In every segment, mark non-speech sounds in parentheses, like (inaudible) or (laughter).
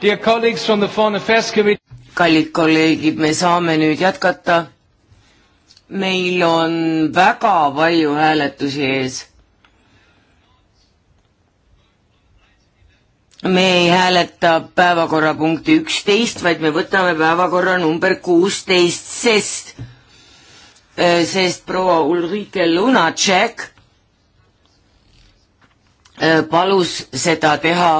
kallid kolleegid, me saame nüüd jätkata. meil on väga palju hääletusi ees. me ei hääleta päevakorrapunkti üksteist, vaid me võtame päevakorra number kuusteist, sest, äh, sest proua Ulrike Lunacek äh, palus seda teha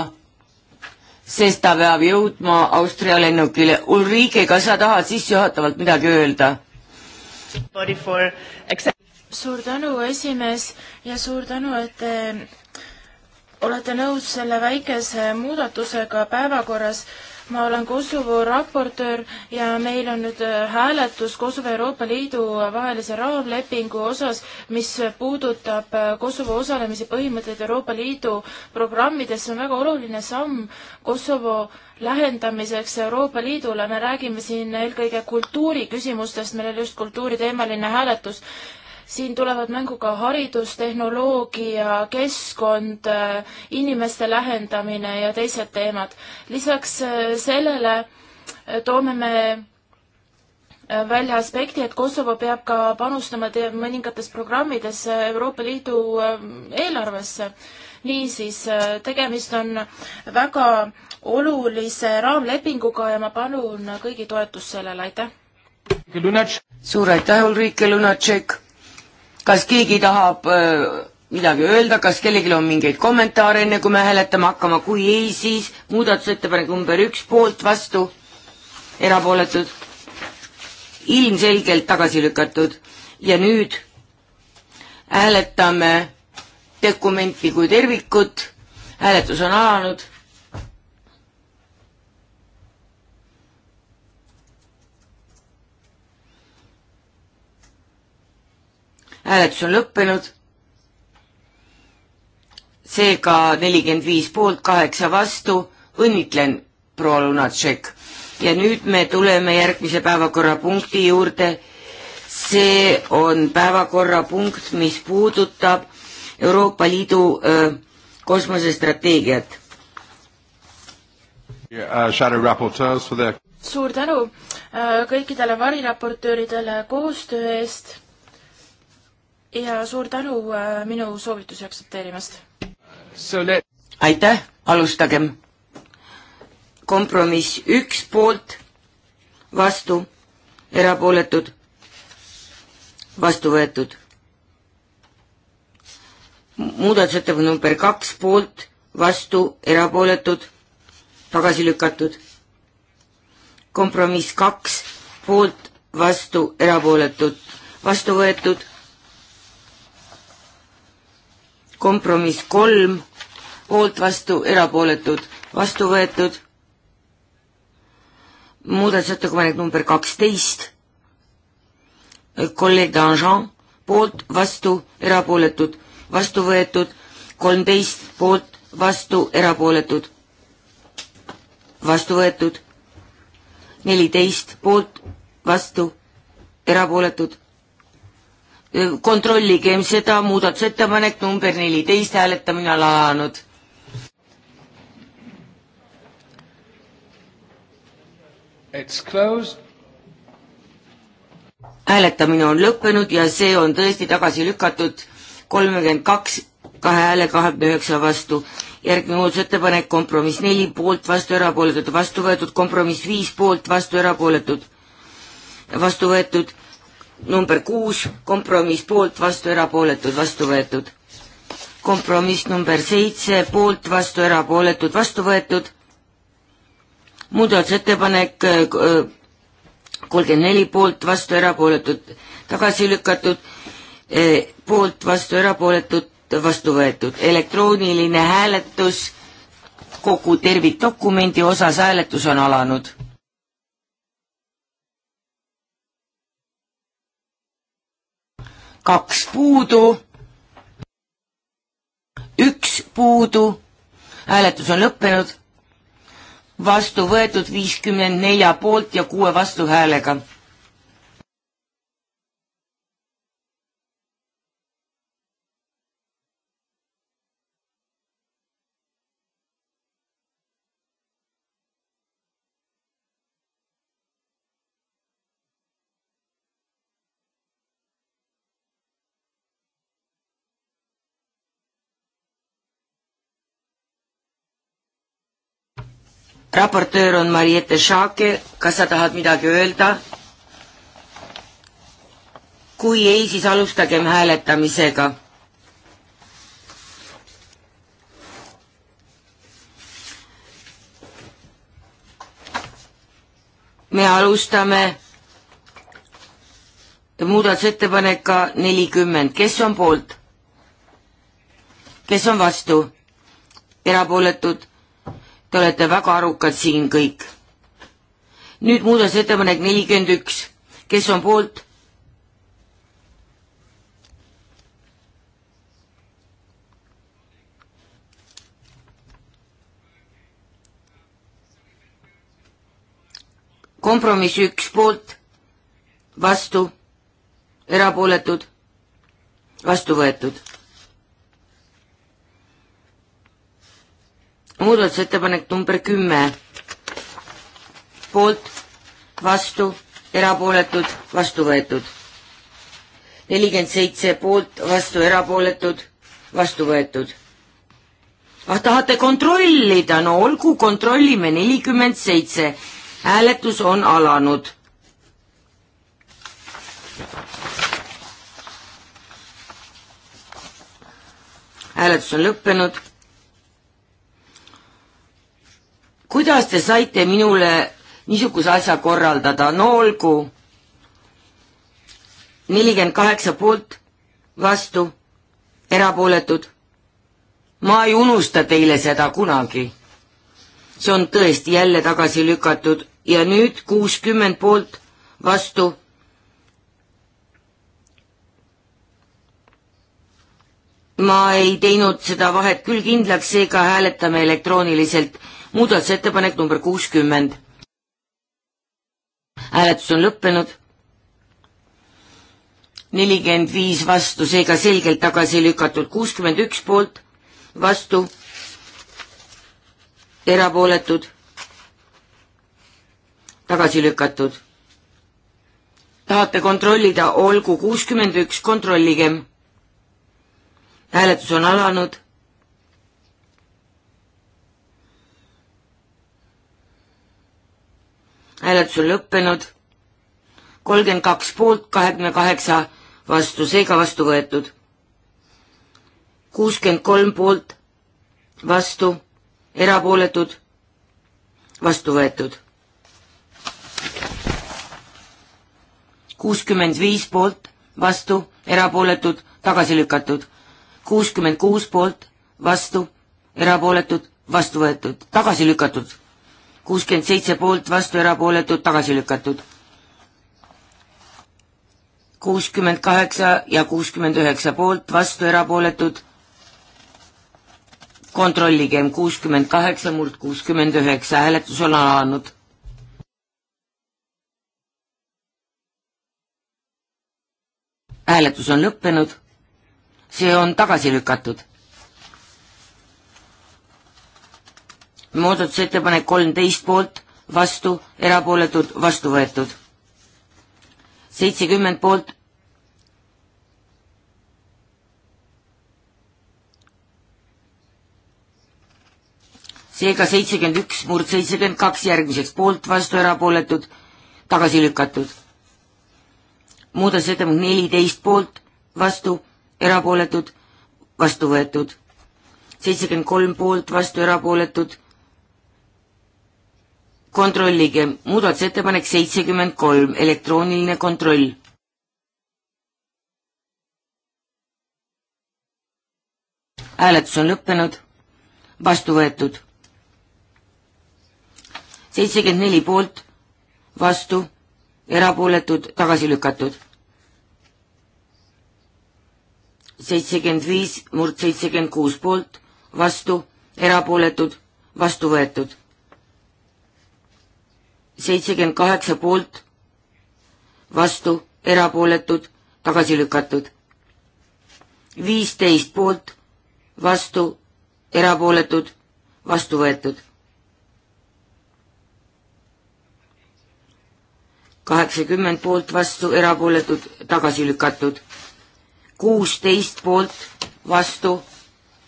sest ta peab jõudma Austria lennukile. Ulrike, kas sa tahad sissejuhatavalt midagi öelda? suur tänu, esimees, ja suur tänu, et te olete nõus selle väikese muudatusega päevakorras ma olen Kosovo raportöör ja meil on nüüd äh, hääletus Kosovo ja Euroopa Liidu vahelise raamlepingu osas, mis puudutab äh, Kosovo osalemise põhimõtteid Euroopa Liidu programmides, see on väga oluline samm Kosovo lähendamiseks Euroopa Liidule, me räägime siin eelkõige kultuuriküsimustest, meil oli just kultuuriteemaline hääletus siin tulevad mängu ka haridus, tehnoloogia, keskkond, äh, inimeste lähendamine ja teised teemad. lisaks äh, sellele äh, toome me välja aspekti, et Kosovo peab ka panustama mõningates programmides Euroopa Liidu eelarvesse. niisiis, tegemist on väga olulise raamlepinguga ja ma palun kõigi toetust sellele, aitäh! suur aitäh, Ulrike Lunatšek! kas keegi tahab äh, midagi öelda, kas kellelgi on mingeid kommentaare, enne kui me hääletama hakkame, kui ei, siis muudatusettepanek number üks, poolt, vastu, erapooletud, ilmselgelt tagasi lükatud ja nüüd hääletame dokumenti kui tervikut, hääletus on alanud hääletus on lõppenud. seega nelikümmend viis poolt, kaheksa vastu, õnnitlen proua Lunatšek. ja nüüd me tuleme järgmise päevakorrapunkti juurde. see on päevakorrapunkt, mis puudutab Euroopa Liidu öö, kosmosestrateegiat uh,. suur tänu äh, kõikidele variraportööridele koostöö eest ja suur tänu äh, minu soovitusi aktsepteerimast. aitäh, alustagem. kompromiss üks poolt, vastu, erapooletud, vastu võetud muudatusettepanek number kaks poolt, vastu, erapooletud, tagasi lükatud. kompromiss kaks poolt, vastu, erapooletud, vastu võetud kompromiss kolm, poolt vastu, erapooletud, vastu võetud. muudatusettepanek number kaksteist, kolleeg Danjean, poolt, vastu, erapooletud, vastu võetud, kolmteist poolt, vastu, erapooletud, vastu võetud, neliteist poolt, vastu, erapooletud Äh, kontrolligem seda, muudatusettepanek number neliteist, hääletamine on alanud. hääletamine on lõppenud ja see on tõesti tagasi lükatud kolmekümmend kaks, kahe hääle kahekümne üheksa vastu. järgmine muudatusettepanek, kompromiss neli poolt, vastu, erapooletud, vastu võetud, kompromiss viis poolt, vastu, erapooletud, vastu võetud number kuus, kompromiss poolt, vastu, erapooletud, vastu võetud. kompromiss number seitse, poolt, vastu, erapooletud, vastu võetud. muudatusettepanek äh, äh, kolmkümmend neli poolt, vastu, erapooletud, tagasi lükatud, äh, poolt, vastu, erapooletud, vastu võetud. elektrooniline hääletus kogu tervikdokumendi osas hääletus on alanud kaks puudu, üks puudu, hääletus on lõppenud, vastu võetud viiskümmend nelja poolt ja kuue vastuhäälega raportöör on Mariette Šaake, kas sa tahad midagi öelda? kui ei, siis alustagem hääletamisega. me alustame muudatusettepaneka nelikümmend, kes on poolt? kes on vastu? erapooletud? Te olete väga arukad siin kõik. nüüd muudatusettepanek nelikümmend üks, kes on poolt? kompromiss üks poolt, vastu, erapooletud, vastu võetud muudatusettepanek number kümme, poolt, vastu, erapooletud, vastu võetud. nelikümmend seitse poolt, vastu, erapooletud, vastu võetud. ah, tahate kontrollida, no olgu, kontrollime nelikümmend seitse. hääletus on alanud hääletus on lõppenud. kuidas te saite minule niisuguse asja korraldada, no olgu. nelikümmend kaheksa poolt, vastu, erapooletud. ma ei unusta teile seda kunagi. see on tõesti jälle tagasi lükatud ja nüüd kuuskümmend poolt, vastu ma ei teinud seda vahet küll kindlaks, seega hääletame elektrooniliselt muudatusettepanek number kuuskümmend. hääletus on lõppenud. nelikümmend viis vastu, seega selgelt tagasi lükatud, kuuskümmend üks poolt, vastu, erapooletud, tagasi lükatud. tahate kontrollida, olgu kuuskümmend üks, kontrollige. hääletus on alanud hääletus on lõppenud, kolmkümmend kaks poolt, kahekümne kaheksa vastu, seega vastu võetud. kuuskümmend kolm poolt, vastu, erapooletud, vastu võetud. kuuskümmend viis poolt, vastu, erapooletud, tagasi lükatud. kuuskümmend kuus poolt, vastu, erapooletud, vastu võetud, tagasi lükatud kuuskümmend seitse poolt, vastu erapooletud, tagasi lükatud. kuuskümmend kaheksa ja kuuskümmend üheksa poolt, vastu erapooletud. kontrolligem kuuskümmend kaheksa murd kuuskümmend üheksa, hääletus on alanud. hääletus on lõppenud, see on tagasi lükatud muudatusettepanek kolmteist poolt, vastu, erapooletud, vastu võetud. seitsekümmend poolt. seega seitsekümmend üks murd seitsekümmend kaks järgmiseks poolt, vastu, erapooletud, tagasi lükatud. muudatusettepanek neliteist poolt, vastu, erapooletud, vastu võetud. seitsekümmend kolm poolt, vastu, erapooletud kontrollige, muudatusettepanek seitsekümmend kolm, elektrooniline kontroll. hääletus on lõppenud, vastu võetud. seitsekümmend neli poolt, vastu, erapooletud, tagasi lükatud. seitsekümmend viis, murd seitsekümmend kuus poolt, vastu, erapooletud, vastu võetud seitsekümmend kaheksa poolt, vastu, erapooletud, tagasi lükatud. viisteist poolt, vastu, erapooletud, vastu võetud. kaheksakümmend poolt, vastu, erapooletud, tagasi lükatud. kuusteist poolt, vastu,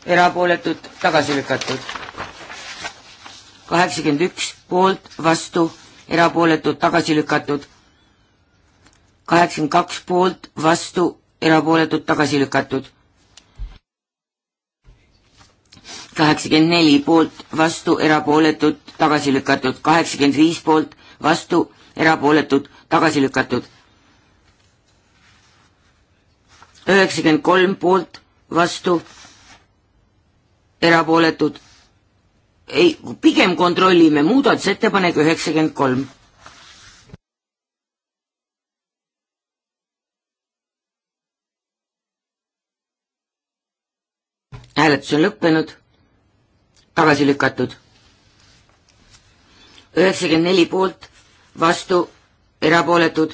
erapooletud, tagasi lükatud. kaheksakümmend üks poolt, vastu erapooletud, tagasi lükatud. kaheksakümmend kaks poolt, vastu, erapooletud, tagasi lükatud. kaheksakümmend neli poolt, vastu, erapooletud, tagasi lükatud. kaheksakümmend viis poolt, vastu, erapooletud, tagasi lükatud. üheksakümmend kolm poolt, vastu, erapooletud ei, pigem kontrollime muudatusettepanek üheksakümmend kolm. hääletus on lõppenud, tagasi lükatud. üheksakümmend neli poolt, vastu, erapooletud,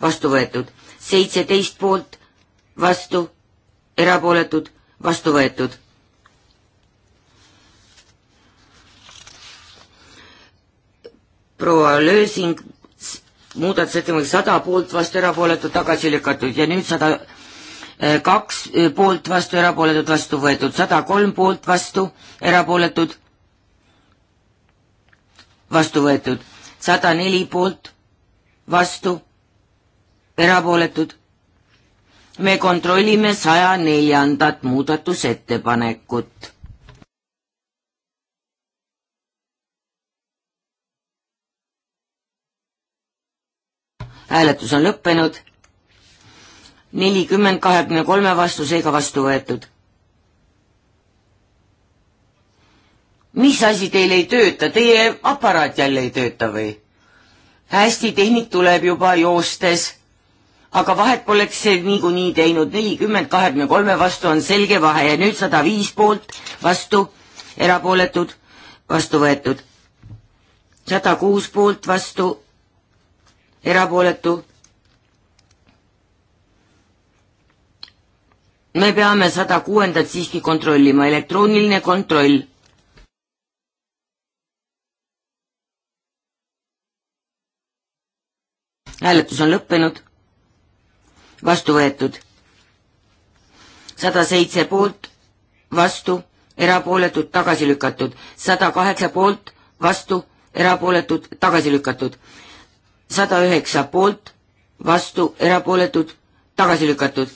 vastu võetud. seitseteist poolt, vastu, erapooletud, vastu võetud proua Lösing muudatusettepanek sada poolt vastu erapooletud tagasi lükatud ja nüüd sada eh, kaks eh, poolt vastu erapooletud vastu võetud, sada kolm poolt vastu erapooletud vastu võetud, sada neli poolt vastu erapooletud. me kontrollime saja neljandat muudatusettepanekut hääletus on lõppenud, nelikümmend kahekümne kolme vastu, seega vastu võetud. mis asi teil ei tööta, teie aparaat jälle ei tööta või? hästi, tehnik tuleb juba joostes, aga vahet poleks see niikuinii teinud, nelikümmend kahekümne kolme vastu on selge vahe ja nüüd sada viis poolt vastu, erapooletud, vastu võetud. sada kuus poolt vastu, erapooletu. me peame sada kuuendat siiski kontrollima, elektrooniline kontroll. hääletus on lõppenud, vastu võetud. sada seitse poolt, vastu, erapooletud, tagasi lükatud, sada kaheksa poolt, vastu, erapooletud, tagasi lükatud sada üheksa poolt, vastu, erapooletud, tagasi lükatud.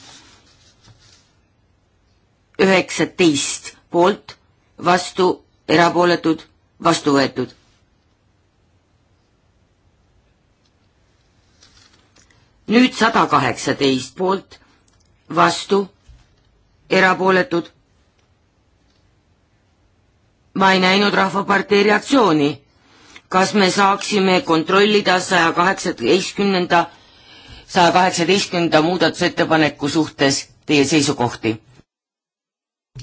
üheksateist poolt, vastu, erapooletud, vastu võetud. nüüd sada kaheksateist poolt, vastu, erapooletud. ma ei näinud Rahvapartei reaktsiooni kas me saaksime kontrollida saja kaheksateistkümnenda, saja kaheksateistkümnenda muudatusettepaneku suhtes teie seisukohti?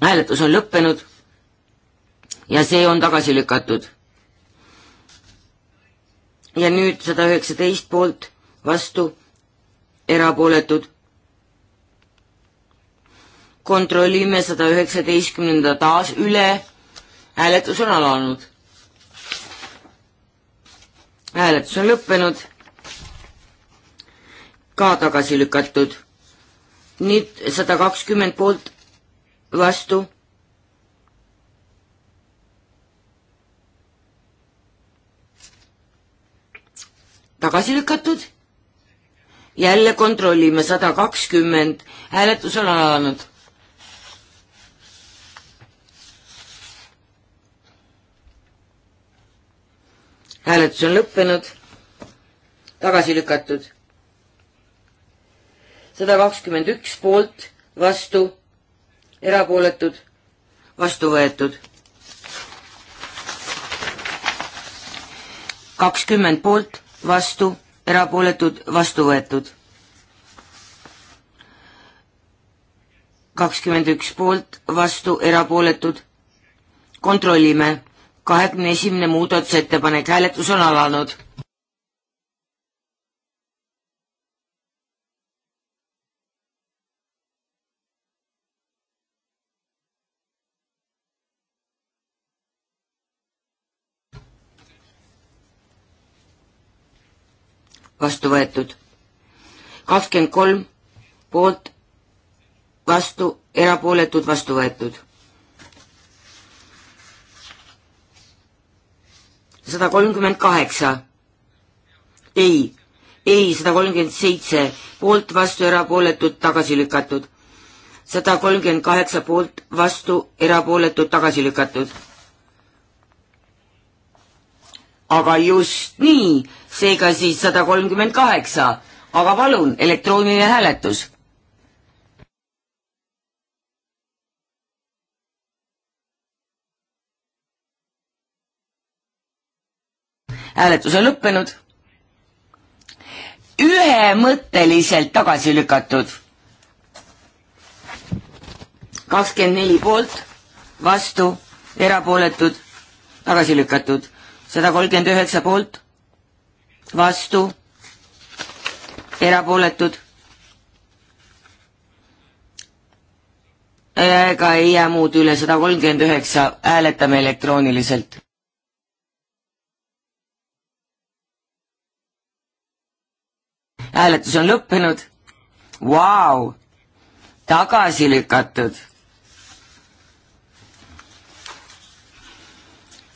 hääletus on lõppenud ja see on tagasi lükatud. ja nüüd sada üheksateist poolt, vastu, erapooletud. kontrollime sada üheksateistkümnenda taas üle, hääletus on alanud hääletus on lõppenud, ka tagasi lükatud. nüüd sada kakskümmend poolt vastu. tagasi lükatud. jälle kontrollime, sada kakskümmend, hääletus on alanud. hääletus on lõppenud, tagasi lükatud. sada kakskümmend üks poolt, vastu, erapooletud, vastu võetud. kakskümmend poolt, vastu, erapooletud, vastu võetud. kakskümmend üks poolt, vastu, erapooletud. kontrollime kahekümne esimene muudatusettepanek, hääletus on alanud. vastu võetud. kakskümmend kolm poolt, vastu, erapooletud, vastu võetud sada kolmkümmend kaheksa. ei, ei, sada kolmkümmend seitse, poolt, vastu, erapooletud, tagasi lükatud. sada kolmkümmend kaheksa poolt, vastu, erapooletud, tagasi lükatud. aga just nii, seega siis sada kolmkümmend kaheksa, aga palun, elektrooniline hääletus hääletus on lõppenud. ühemõtteliselt tagasi lükatud. kakskümmend neli poolt, vastu, erapooletud, tagasi lükatud. sada kolmkümmend üheksa poolt, vastu, erapooletud ega ei jää muud üle sada kolmkümmend üheksa, hääletame elektrooniliselt. hääletus on lõppenud. Vau, tagasi lükatud.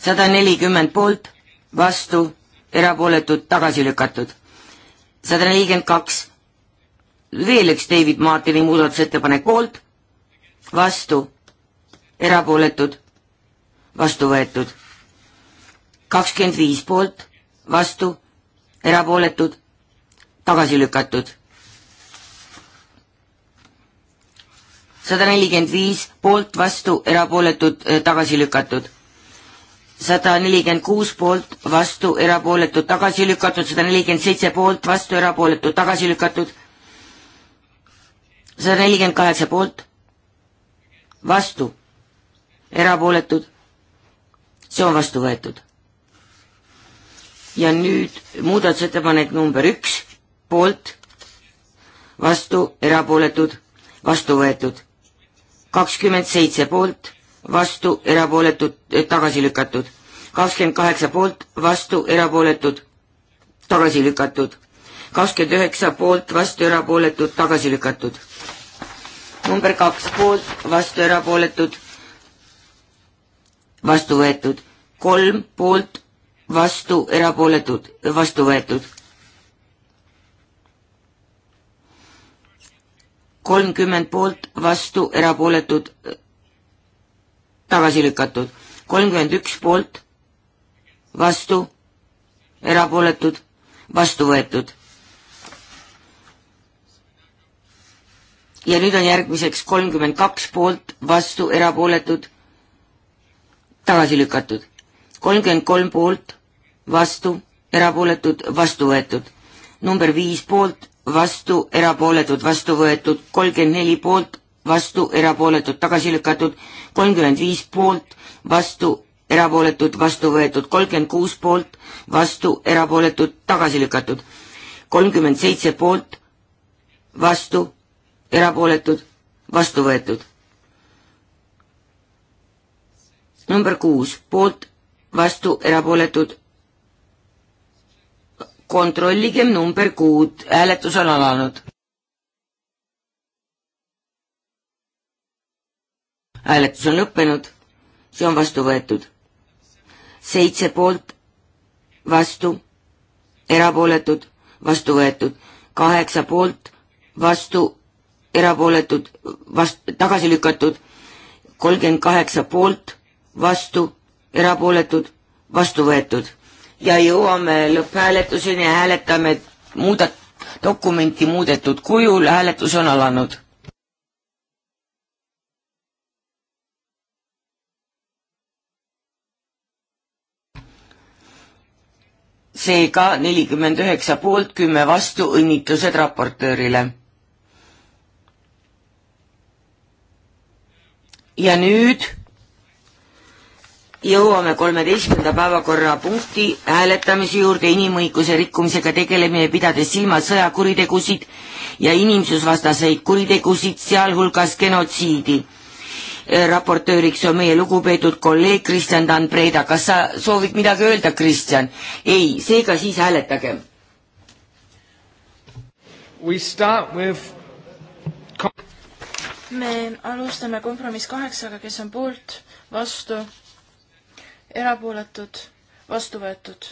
sada nelikümmend poolt, vastu, erapooletud, tagasi lükatud. sada nelikümmend kaks, veel üks David Martini muudatusettepanek poolt, vastu, erapooletud, vastu võetud. kakskümmend viis poolt, vastu, erapooletud, tagasi lükatud. sada nelikümmend viis poolt, vastu, erapooletud, eh, tagasi lükatud. sada nelikümmend kuus poolt, vastu, erapooletud, tagasi lükatud, sada nelikümmend seitse poolt, vastu, erapooletud, tagasi lükatud. sada nelikümmend kaheksa poolt, vastu, erapooletud, see on vastu võetud. ja nüüd muudatusettepanek number üks poolt, vastu, erapooletud, vastu võetud. kakskümmend seitse poolt, vastu, erapooletud, tagasi lükatud. kakskümmend kaheksa poolt, vastu, erapooletud, tagasi lükatud. kakskümmend üheksa poolt, vastu, erapooletud, tagasi lükatud. number kaks poolt, vastu, erapooletud, vastu võetud. kolm poolt, vastu, erapooletud, vastu võetud kolmkümmend poolt, vastu, erapooletud, tagasi lükatud. kolmkümmend üks poolt, vastu, erapooletud, vastu võetud. ja nüüd on järgmiseks kolmkümmend kaks poolt, vastu, erapooletud, tagasi lükatud. kolmkümmend kolm poolt, vastu, erapooletud, vastu võetud. number viis poolt, vastu erapooletud, vastu võetud, kolmkümmend neli poolt, vastu erapooletud, tagasi lükatud, kolmkümmend viis poolt, vastu erapooletud, vastu võetud, kolmkümmend kuus poolt, vastu erapooletud, tagasi lükatud, kolmkümmend seitse poolt, vastu erapooletud, vastu võetud. number kuus, poolt, vastu erapooletud, kontrolligem number kuud, hääletus on alanud. hääletus on lõppenud, see on vastu võetud. seitse poolt, vastu, erapooletud, vastu võetud, kaheksa poolt, vastu, erapooletud, vast-, tagasi lükatud, kolmkümmend kaheksa poolt, vastu, erapooletud, vastu võetud ja jõuame lõpphääletuseni ja hääletame muudat-, dokumenti muudetud kujul, hääletus on alanud. seega nelikümmend üheksa poolt, kümme vastu, õnnitlused raportöörile. ja nüüd jõuame kolmeteistkümnenda päevakorrapunkti hääletamise juurde inimõiguse rikkumisega tegelemine, pidades silmas sõjakuritegusid ja inimsusvastaseid kuritegusid, sealhulgas genotsiidi. Äh, raportööriks on meie lugupeetud kolleeg Kristjan Dan Preda, kas sa soovid midagi öelda, Kristjan? ei, seega siis hääletage. We start with me alustame kompromiss kaheksaga, kes on poolt, vastu erapooletud, vastu võetud.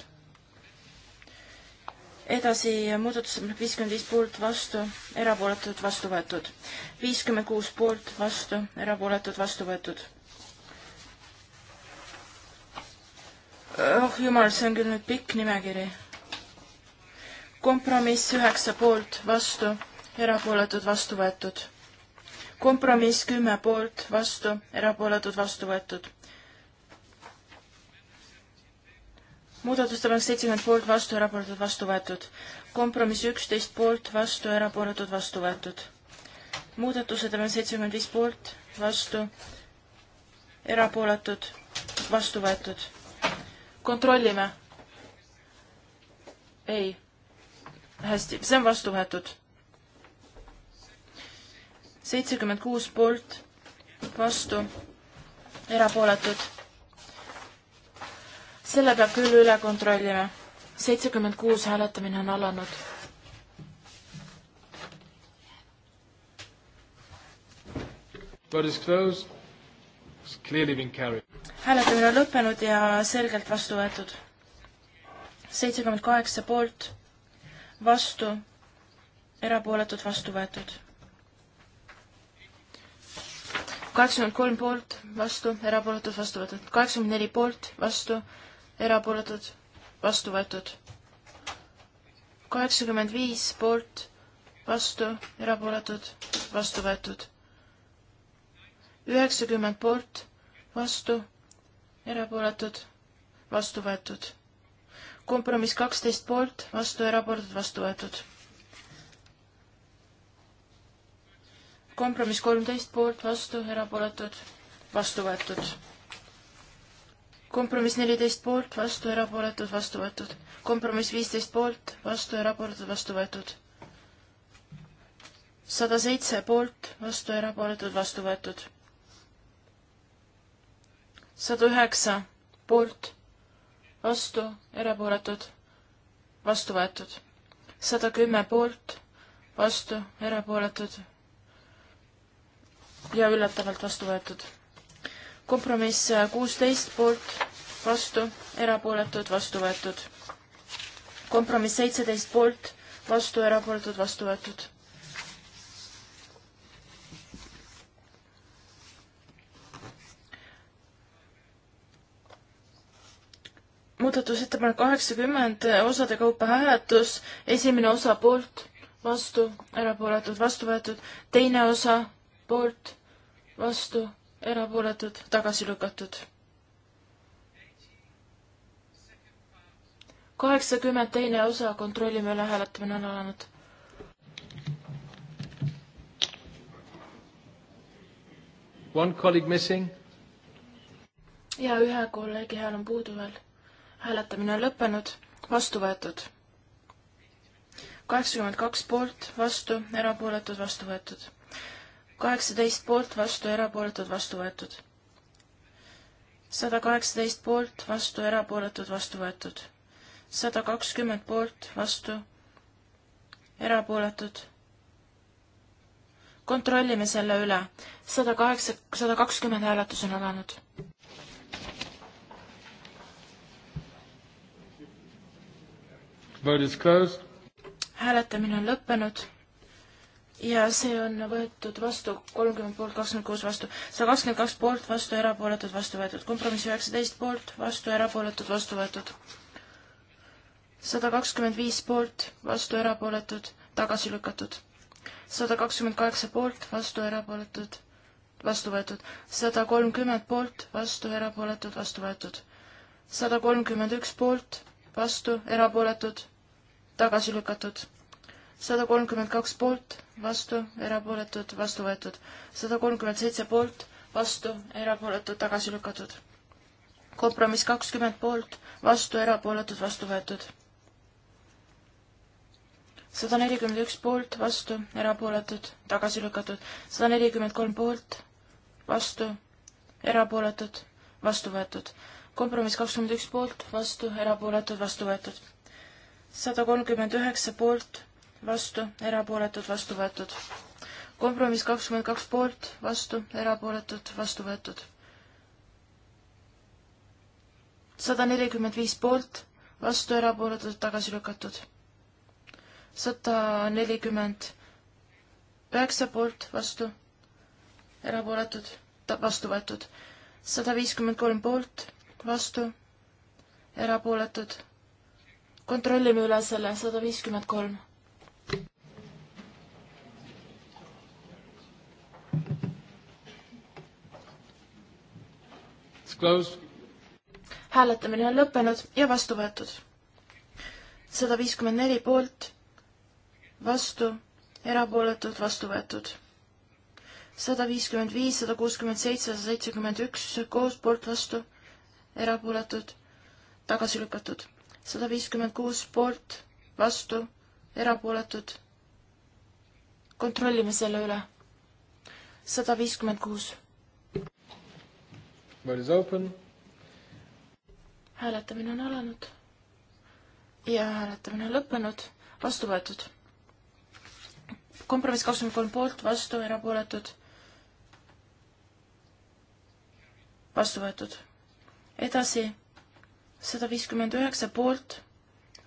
edasi muudatusettepanek viiskümmend viis poolt, vastu, erapooletud, vastu võetud. viiskümmend kuus poolt, vastu, erapooletud, vastu võetud. oh jumal, see on küll nüüd pikk nimekiri. kompromiss üheksa poolt, vastu, erapooletud, vastu võetud kompromiss kümme poolt, vastu, erapooletud, vastu võetud muudatusettepanek seitsekümmend poolt, vastu, erapooletud, vastu võetud. kompromiss üksteist poolt, vastu, erapooletud, vastu võetud. muudatusettepanek seitsekümmend viis poolt, vastu, erapooletud, vastu võetud. kontrollime. ei. hästi, see on vastu võetud. seitsekümmend kuus poolt, vastu, erapooletud selle peab küll üle kontrollima. seitsekümmend kuus hääletamine on alanud. hääletamine on lõppenud ja selgelt vastu võetud. seitsekümmend kaheksa poolt, vastu, erapooletud, vastu võetud kaheksakümmend kolm poolt, vastu, erapooletud, vastu võetud. kaheksakümmend neli poolt, vastu, erapooletud, vastu võetud. kaheksakümmend viis poolt, vastu, erapooletud, vastu võetud. üheksakümmend poolt, vastu, erapooletud, vastu võetud. kompromiss kaksteist poolt, vastu, erapooletud, vastu võetud. kompromiss kolmteist poolt, vastu, erapooletud, vastu võetud kompromiss neliteist poolt, vastu, erapooletud, vastu võetud. kompromiss viisteist poolt, vastu, erapooletud, vastu võetud. sada seitse poolt, vastu, erapooletud, vastu võetud. sada üheksa poolt, vastu, erapooletud, vastu võetud. sada kümme poolt, vastu, erapooletud ja üllatavalt vastu võetud kompromiss kuusteist poolt, vastu, erapooletud, vastu võetud. kompromiss seitseteist poolt, vastu, erapooletud, vastu võetud. muudatusettepanek kaheksakümmend, osade kaupa hääletus, esimene osa poolt, vastu, erapooletud, vastu võetud, teine osa poolt, vastu erapooletud, tagasi lükatud. kaheksakümmend teine osa, kontrollime üle, hääletamine on alanud. One colleague missing. ja ühe kolleegi hääl on puudu veel. hääletamine on lõppenud, vastu võetud. kaheksakümmend kaks poolt, vastu, erapooletud, vastu võetud kaheksateist poolt, vastu, erapooletud, vastu võetud. sada kaheksateist poolt, vastu, erapooletud, vastu võetud. sada kakskümmend poolt, vastu, erapooletud. kontrollime selle üle. sada kaheksa, sada kakskümmend hääletus on alanud. Vote is closed. hääletamine on lõppenud ja see on võetud vastu kolmkümmend poolt, kakskümmend kuus vastu, sada kakskümmend kaks poolt, vastu erapooletud, vastu võetud, kompromiss üheksateist poolt, vastu erapooletud, vastu võetud, sada kakskümmend viis poolt, vastu erapooletud, tagasi lükatud, sada kakskümmend kaheksa poolt, vastu erapooletud, vastu võetud, sada kolmkümmend poolt, vastu erapooletud, vastu võetud, sada kolmkümmend üks poolt, vastu erapooletud, tagasi lükatud sada kolmkümmend kaks poolt, vastu, erapooletud, vastu võetud. sada kolmkümmend seitse poolt, vastu, erapooletud, tagasi lükatud. kompromiss kakskümmend poolt, vastu, erapooletud, vastu võetud. sada nelikümmend üks poolt, vastu, erapooletud, tagasi lükatud. sada nelikümmend kolm poolt, vastu, erapooletud, vastu võetud. kompromiss kakskümmend üks poolt, vastu, erapooletud, vastu võetud. sada kolmkümmend üheksa poolt vastu, erapooletud, vastu võetud. kompromiss kakskümmend kaks poolt, vastu, erapooletud, vastu võetud. sada nelikümmend viis poolt, vastu, erapooletud, tagasi lükatud. sada nelikümmend üheksa poolt, vastu, erapooletud, vastu võetud. sada viiskümmend kolm poolt, vastu, erapooletud. kontrollime üle selle, sada viiskümmend kolm hääletamine on lõppenud ja vastu võetud. sada viiskümmend neli poolt, vastu, erapooletud, vastu võetud. sada viiskümmend viis, sada kuuskümmend seitse, sada seitsekümmend üks koos poolt vastu, erapooletud, tagasi lükatud. sada viiskümmend kuus poolt, vastu, erapooletud. kontrollime selle üle. sada viiskümmend kuus Vote is open. hääletamine on alanud ja hääletamine on lõppenud, vastu võetud. kompromiss kakskümmend kolm poolt, vastu, erapooletud. vastu võetud. edasi sada viiskümmend üheksa poolt,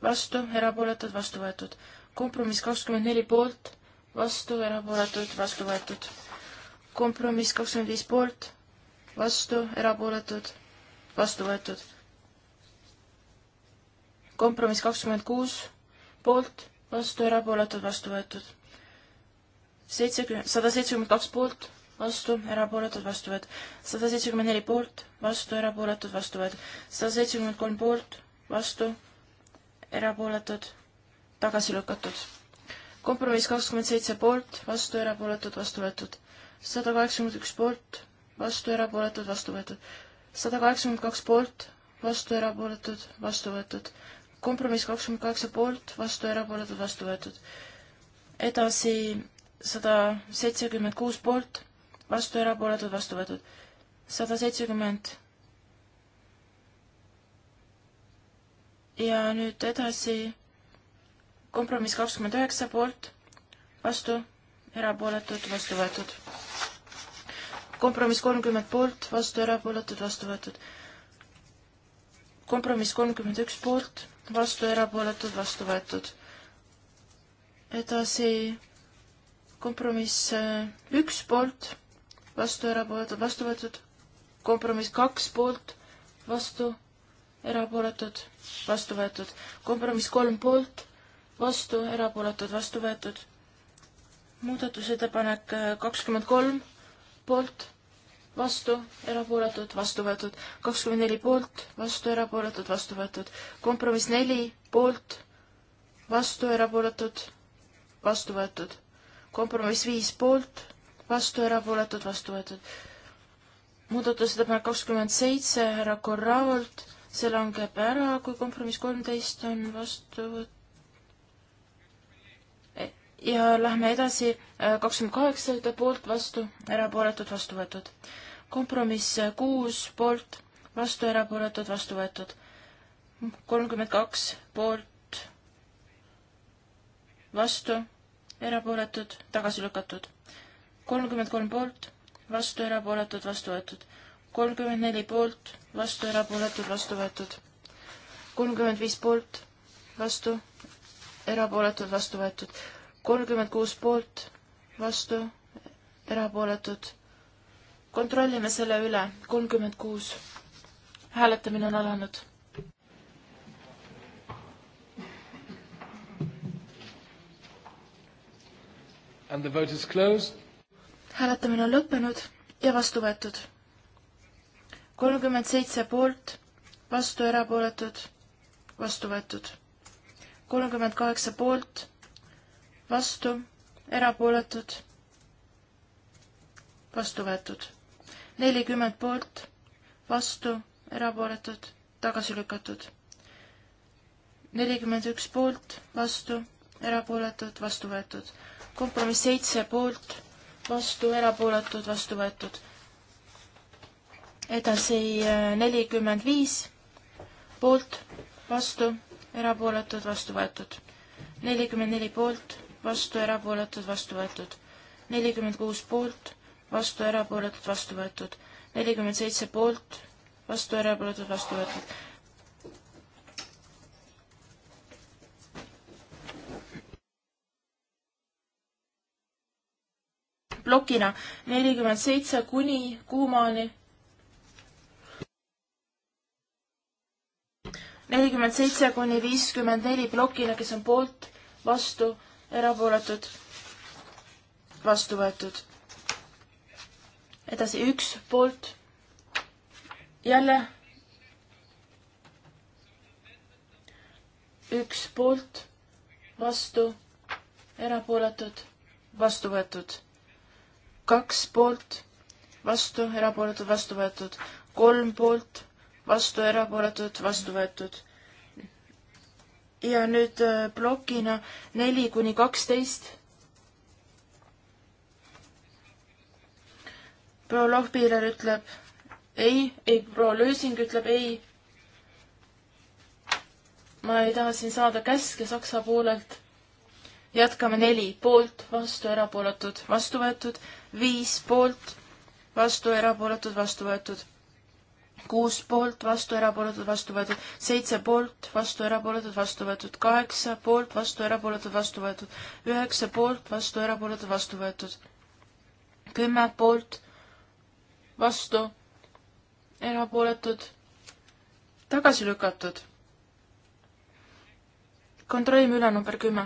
vastu, erapooletud, vastu võetud. kompromiss kakskümmend neli poolt, vastu, erapooletud, vastu võetud. kompromiss kakskümmend viis poolt vastu, erapooletud, vastu võetud. kompromiss kakskümmend kuus, poolt, vastu, erapooletud, vastu võetud. seitsekümmend, sada seitsekümmend kaks poolt, vastu, erapooletud, vastu võetud. sada seitsekümmend neli poolt, vastu, erapooletud, vastu võetud. sada seitsekümmend kolm poolt, vastu, erapooletud, tagasi lükatud. kompromiss kakskümmend seitse poolt, vastu, erapooletud, vastu võetud. sada kaheksakümmend üks poolt, vastu, erapooletud, vastu võetud. sada kaheksakümmend kaks poolt, vastu, erapooletud, vastu võetud. kompromiss kakskümmend kaheksa poolt, vastu, erapooletud, vastu võetud. edasi sada seitsekümmend kuus poolt, vastu, erapooletud, vastu võetud. sada seitsekümmend ja nüüd edasi kompromiss kakskümmend üheksa poolt, vastu, erapooletud, vastu võetud kompromiss kolmkümmend poolt, vastu erapooletud, vastu võetud. kompromiss kolmkümmend üks poolt, vastu erapooletud, vastu võetud. edasi kompromiss äh, üks poolt, vastu erapooletud, vastu võetud. kompromiss kaks poolt, vastu erapooletud, vastu võetud. kompromiss kolm poolt, vastu erapooletud, vastu võetud. muudatusettepanek äh, kakskümmend kolm poolt, vastu, erapooletud, vastu võetud. kakskümmend neli poolt, vastu, erapooletud, vastu võetud. kompromiss neli poolt, vastu, erapooletud, vastu võetud. kompromiss viis poolt, vastu, erapooletud, vastu võetud. muudatusettepanek kakskümmend seitse härra Korravolt, see langeb ära, kui kompromiss kolmteist on vastu võetud ja lähme edasi äh, kakskümmend kaheksa poolt vastu, erapooletud, vastu võetud. kompromiss äh, kuus poolt vastu, erapooletud, vastu võetud. kolmkümmend kaks poolt vastu, erapooletud, tagasi lükatud. kolmkümmend kolm poolt vastu, erapooletud, vastu võetud. kolmkümmend neli poolt vastu, erapooletud, vastu võetud. kolmkümmend viis poolt vastu, erapooletud, vastu võetud kolmkümmend kuus poolt, vastu, erapooletud. kontrollime selle üle, kolmkümmend kuus. hääletamine on alanud. And the vote is closed. hääletamine on lõppenud ja vastu võetud. kolmkümmend seitse poolt, vastu erapooletud, vastu võetud. kolmkümmend kaheksa poolt vastu, erapooletud, vastu võetud. nelikümmend poolt, vastu, erapooletud, tagasi lükatud. nelikümmend üks poolt, vastu, erapooletud, vastu võetud. kompromiss seitse poolt, vastu, erapooletud, vastu võetud. edasi äh, nelikümmend viis poolt, vastu, erapooletud, vastu võetud. nelikümmend neli poolt vastu, erapooletud, vastu võetud. nelikümmend kuus poolt, vastu, erapooletud, vastu võetud. nelikümmend seitse poolt, vastu, erapooletud, vastu võetud. plokina nelikümmend seitse kuni kuumaani nelikümmend seitse kuni viiskümmend neli plokina, kes on poolt, vastu, erapooletud, vastu võetud. edasi üks poolt, jälle üks poolt, vastu, erapooletud, vastu võetud. kaks poolt, vastu, erapooletud, vastu võetud. kolm poolt, vastu, erapooletud, vastu võetud ja nüüd äh, plokina neli kuni kaksteist. proua Lohpiiler ütleb ei, ei, proua Lösing ütleb ei. ma ei taha siin saada käske Saksa poolelt. jätkame neli poolt, vastu, erapooletud, vastu võetud, viis poolt, vastu, erapooletud, vastu võetud kuus poolt, vastu, erapooletud, vastu võetud, seitse poolt, vastu, erapooletud, vastu võetud, kaheksa poolt, vastu, erapooletud, vastu võetud, üheksa poolt, vastu, erapooletud, vastu võetud, kümme poolt, vastu, erapooletud, tagasi lükatud. kontrollime üle number kümme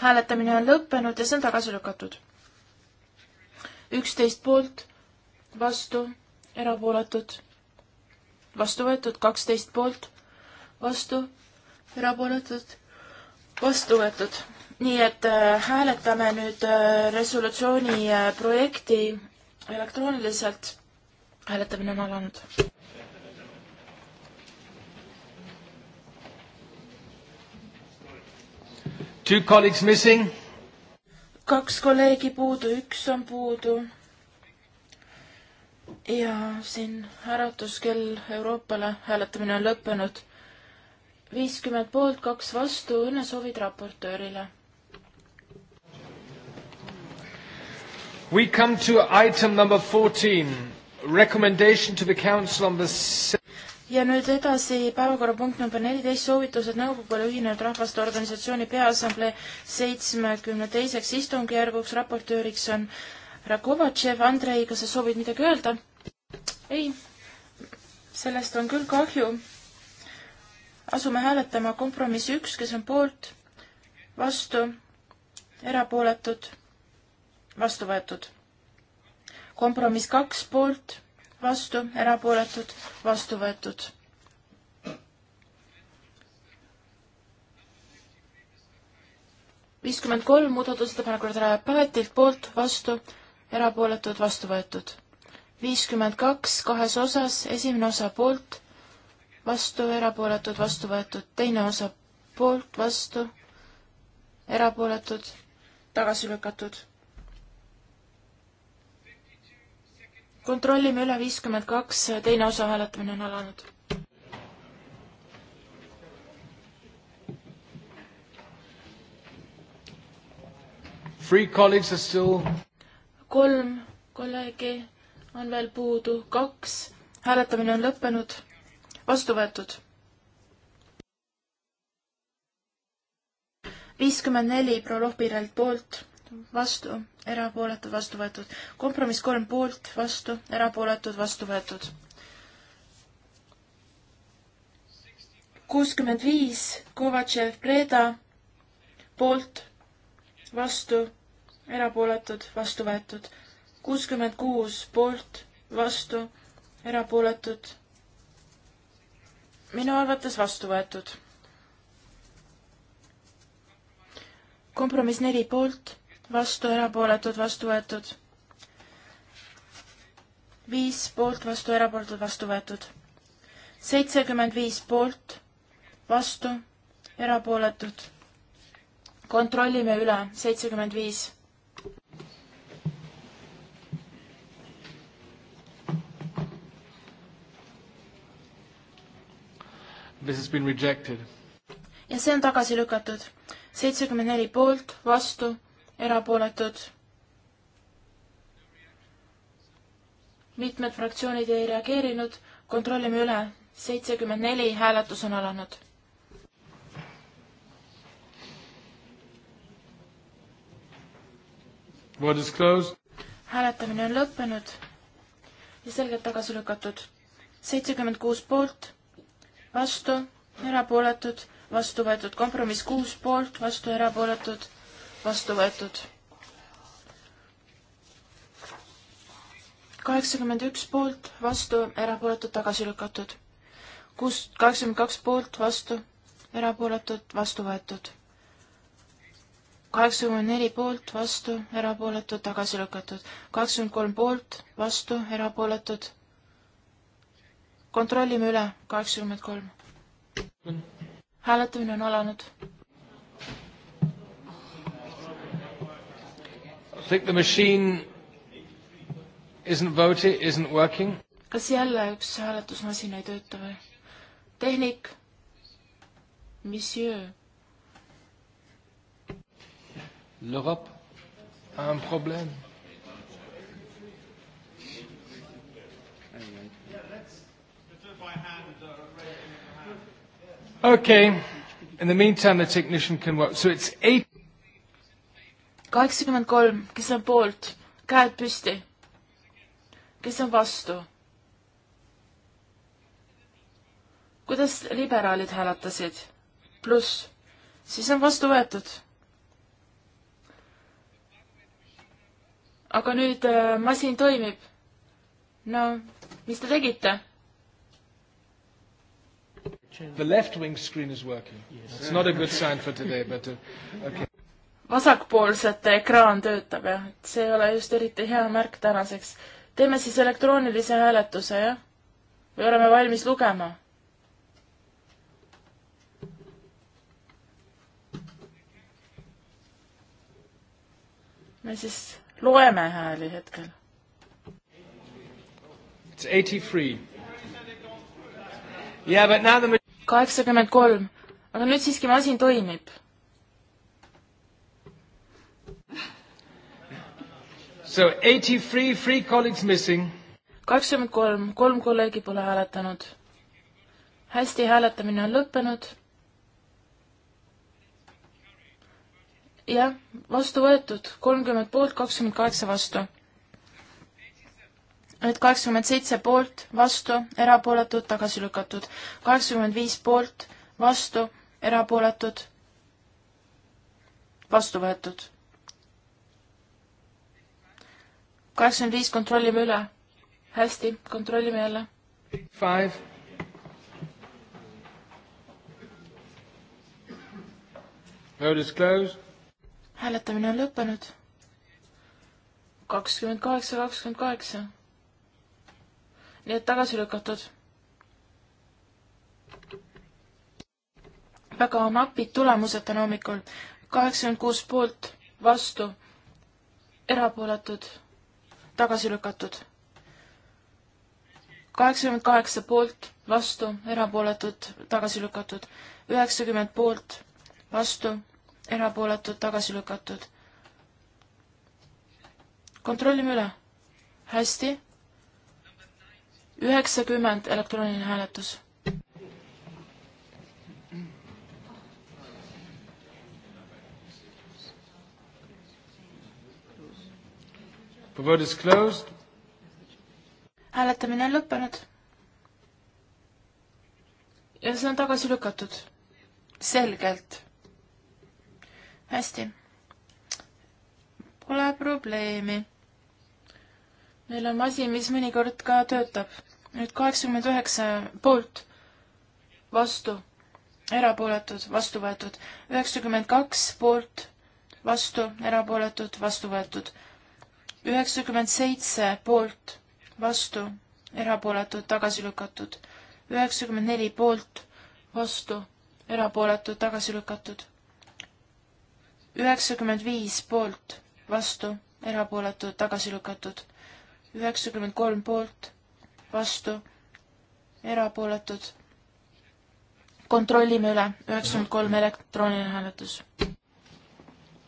hääletamine on lõppenud ja see on tagasi lükatud. üksteist poolt, vastu, erapooletud, vastu võetud, kaksteist poolt, vastu, erapooletud, vastu võetud. nii et äh, hääletame nüüd äh, resolutsiooni äh, projekti elektrooniliselt. hääletamine on alanud. Two colleagues missing. kaks kolleegi puudu, üks on puudu. ja siin äratuskell Euroopale, hääletamine on lõppenud. viiskümmend poolt, kaks vastu, õnnesoovid raportöörile. We come to item number fourteen, recommendation to the council on the ja nüüd edasi päevakorrapunkt number neliteist, soovitused nõukogule Ühinenud Rahvaste Organisatsiooni Peaassamblee seitsmekümne teiseks istungjärguks, raportööriks on Rakovatšev. Andrei, kas sa soovid midagi öelda? ei, sellest on küll kahju. asume hääletama kompromissi üks, kes on poolt, vastu, erapooletud, vastu võetud. kompromiss kaks poolt vastu, erapooletud, vastu võetud. viiskümmend kolm muudatusettepanek Rae Paetilt poolt, vastu, erapooletud, vastu võetud. viiskümmend kaks kahes osas, esimene osa poolt, vastu, erapooletud, vastu võetud, teine osa poolt, vastu, erapooletud, tagasi lükatud kontrollime üle viiskümmend kaks, teine osa hääletamine on alanud. Three colleagues are still kolm kolleegi on veel puudu, kaks, hääletamine on lõppenud, vastu võetud. viiskümmend neli Prolohpirelt poolt, vastu erapooletud, vastu võetud. kompromiss kolm poolt, vastu, erapooletud, vastu võetud. kuuskümmend viis, Kovatšev, Breda, poolt, vastu, erapooletud, vastu võetud. kuuskümmend kuus, poolt, vastu, erapooletud. minu arvates vastu võetud. kompromiss neli poolt vastu, erapooletud, vastu võetud. viis poolt, vastu, erapooletud, vastu võetud. seitsekümmend viis poolt, vastu, erapooletud. kontrollime üle, seitsekümmend viis. This has been rejected. ja see on tagasi lükatud. seitsekümmend neli poolt, vastu erapooletud. mitmed fraktsioonid ei reageerinud, kontrollime üle. seitsekümmend neli, hääletus on alanud. hääletamine on lõppenud ja selgelt tagasi lükatud. seitsekümmend kuus poolt, vastu, erapooletud, vastu võetud kompromiss kuus poolt, vastu erapooletud vastu võetud. kaheksakümmend üks poolt, vastu, erapooletud, tagasi lükatud. kuus, kaheksakümmend kaks poolt, vastu, erapooletud, vastu võetud. kaheksakümmend neli poolt, vastu, erapooletud, tagasi lükatud. kaheksakümmend kolm poolt, vastu, erapooletud. kontrollime üle, kaheksakümmend kolm. hääletamine on alanud think the machine isn't voting, isn't working. kas jälle üks hääletusmasin ei tööta või? tehnik, monsieur. L'Europe a un problème. Okay. In the meantime, the technician can work. So it's eight kaheksakümmend kolm, kes on poolt, käed püsti. kes on vastu? kuidas liberaalid hääletasid? pluss, siis on vastu võetud. aga nüüd äh, masin toimib. no, mis te tegite? The left wing screen is working. Yes. It's not a good sign for today, but uh, okay vasakpoolsete ekraan töötab, jah, et see ei ole just eriti hea märk tänaseks. teeme siis elektroonilise hääletuse, jah? või oleme valmis lugema? me siis loeme hääli hetkel. kaheksakümmend kolm, aga nüüd siiski masin toimib So eighty three, three colleagues missing. kakskümmend kolm, kolm kolleegi pole hääletanud. hästi, hääletamine on lõppenud. jah, vastu võetud, kolmkümmend poolt, kakskümmend kaheksa vastu. nüüd kaheksakümmend seitse poolt, vastu, erapooletud, tagasi lükatud. kaheksakümmend viis poolt, vastu, erapooletud, vastu võetud kakskümmend viis, kontrollime üle. hästi, kontrollime jälle. Five. Vote is closed. hääletamine on lõppenud. kakskümmend kaheksa, kakskümmend kaheksa. nii et tagasi lükatud. väga napid tulemused täna hommikul. kaheksakümmend kuus poolt, vastu, erapooletud tagasi lükatud. kaheksakümmend kaheksa poolt, vastu, erapooletud, tagasi lükatud. üheksakümmend poolt, vastu, erapooletud, tagasi lükatud. kontrollime üle. hästi. üheksakümmend elektrooniline hääletus Vote is closed. hääletamine on lõppenud. ja see on tagasi lükatud. selgelt. hästi. Pole probleemi. meil on masin, mis mõnikord ka töötab. nüüd kaheksakümmend üheksa poolt, vastu, erapooletud, vastu võetud, üheksakümmend kaks poolt, vastu, erapooletud, vastu võetud üheksakümmend seitse poolt, vastu, erapooletud, tagasi lükatud. üheksakümmend neli poolt, vastu, erapooletud, tagasi lükatud. üheksakümmend viis poolt, vastu, erapooletud, tagasi lükatud. üheksakümmend kolm poolt, vastu, erapooletud. kontrollime üle, üheksakümmend kolm elektrooniline hääletus.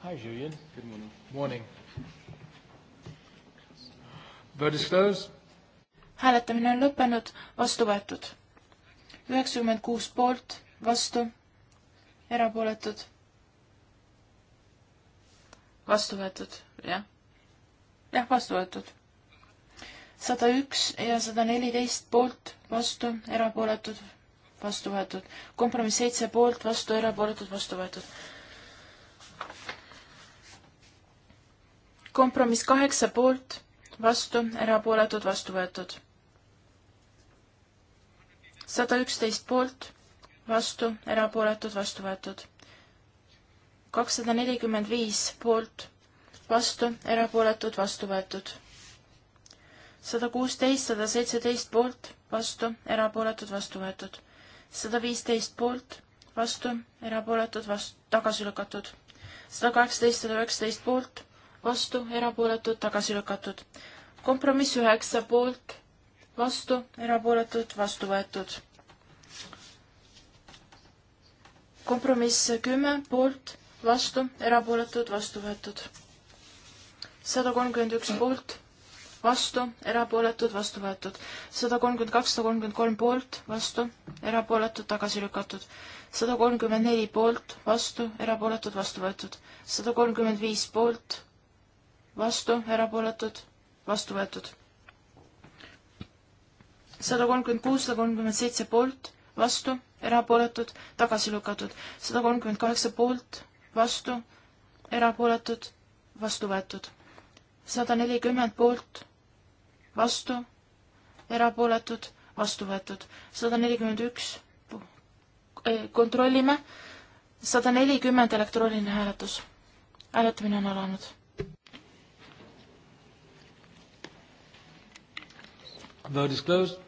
Hi Julian, good morning. Morning hääletamine on lõppenud, vastu võetud. üheksakümmend kuus poolt, vastu, erapooletud. vastu võetud, jah. jah, vastu võetud. sada üks ja sada neliteist poolt, vastu, erapooletud, vastu võetud. kompromiss seitse poolt, vastu, erapooletud, vastu võetud kompromiss kaheksa poolt, vastu, erapooletud, vastu võetud. sada üksteist poolt, vastu, erapooletud, vastu võetud. kakssada nelikümmend viis poolt, vastu, erapooletud, vastu võetud. sada kuusteist, sada seitseteist poolt, vastu, erapooletud, vastu võetud. sada viisteist poolt, vastu, erapooletud, vastu, tagasi lükatud. sada kaheksateist, sada üheksateist poolt vastu, erapooletud, tagasi lükatud. kompromiss üheksa poolt, vastu, erapooletud, vastu võetud. kompromiss kümme poolt, vastu, erapooletud, vastu võetud. sada kolmkümmend üks poolt, vastu, erapooletud, vastu võetud. sada kolmkümmend kaks, sada kolmkümmend kolm poolt, vastu, erapooletud, tagasi lükatud sada kolmkümmend neli poolt, vastu, erapooletud, vastu võetud. sada kolmkümmend viis poolt, vastu, erapooletud, vastu võetud. sada kolmkümmend kuus, sada kolmkümmend seitse poolt, vastu, erapooletud, tagasi lükatud. sada kolmkümmend kaheksa poolt, vastu, erapooletud, vastu võetud. sada nelikümmend poolt, vastu, erapooletud, vastu võetud. sada nelikümmend üks, eh, kontrollime, sada nelikümmend elektrooniline hääletus. hääletamine on alanud Vote is closed.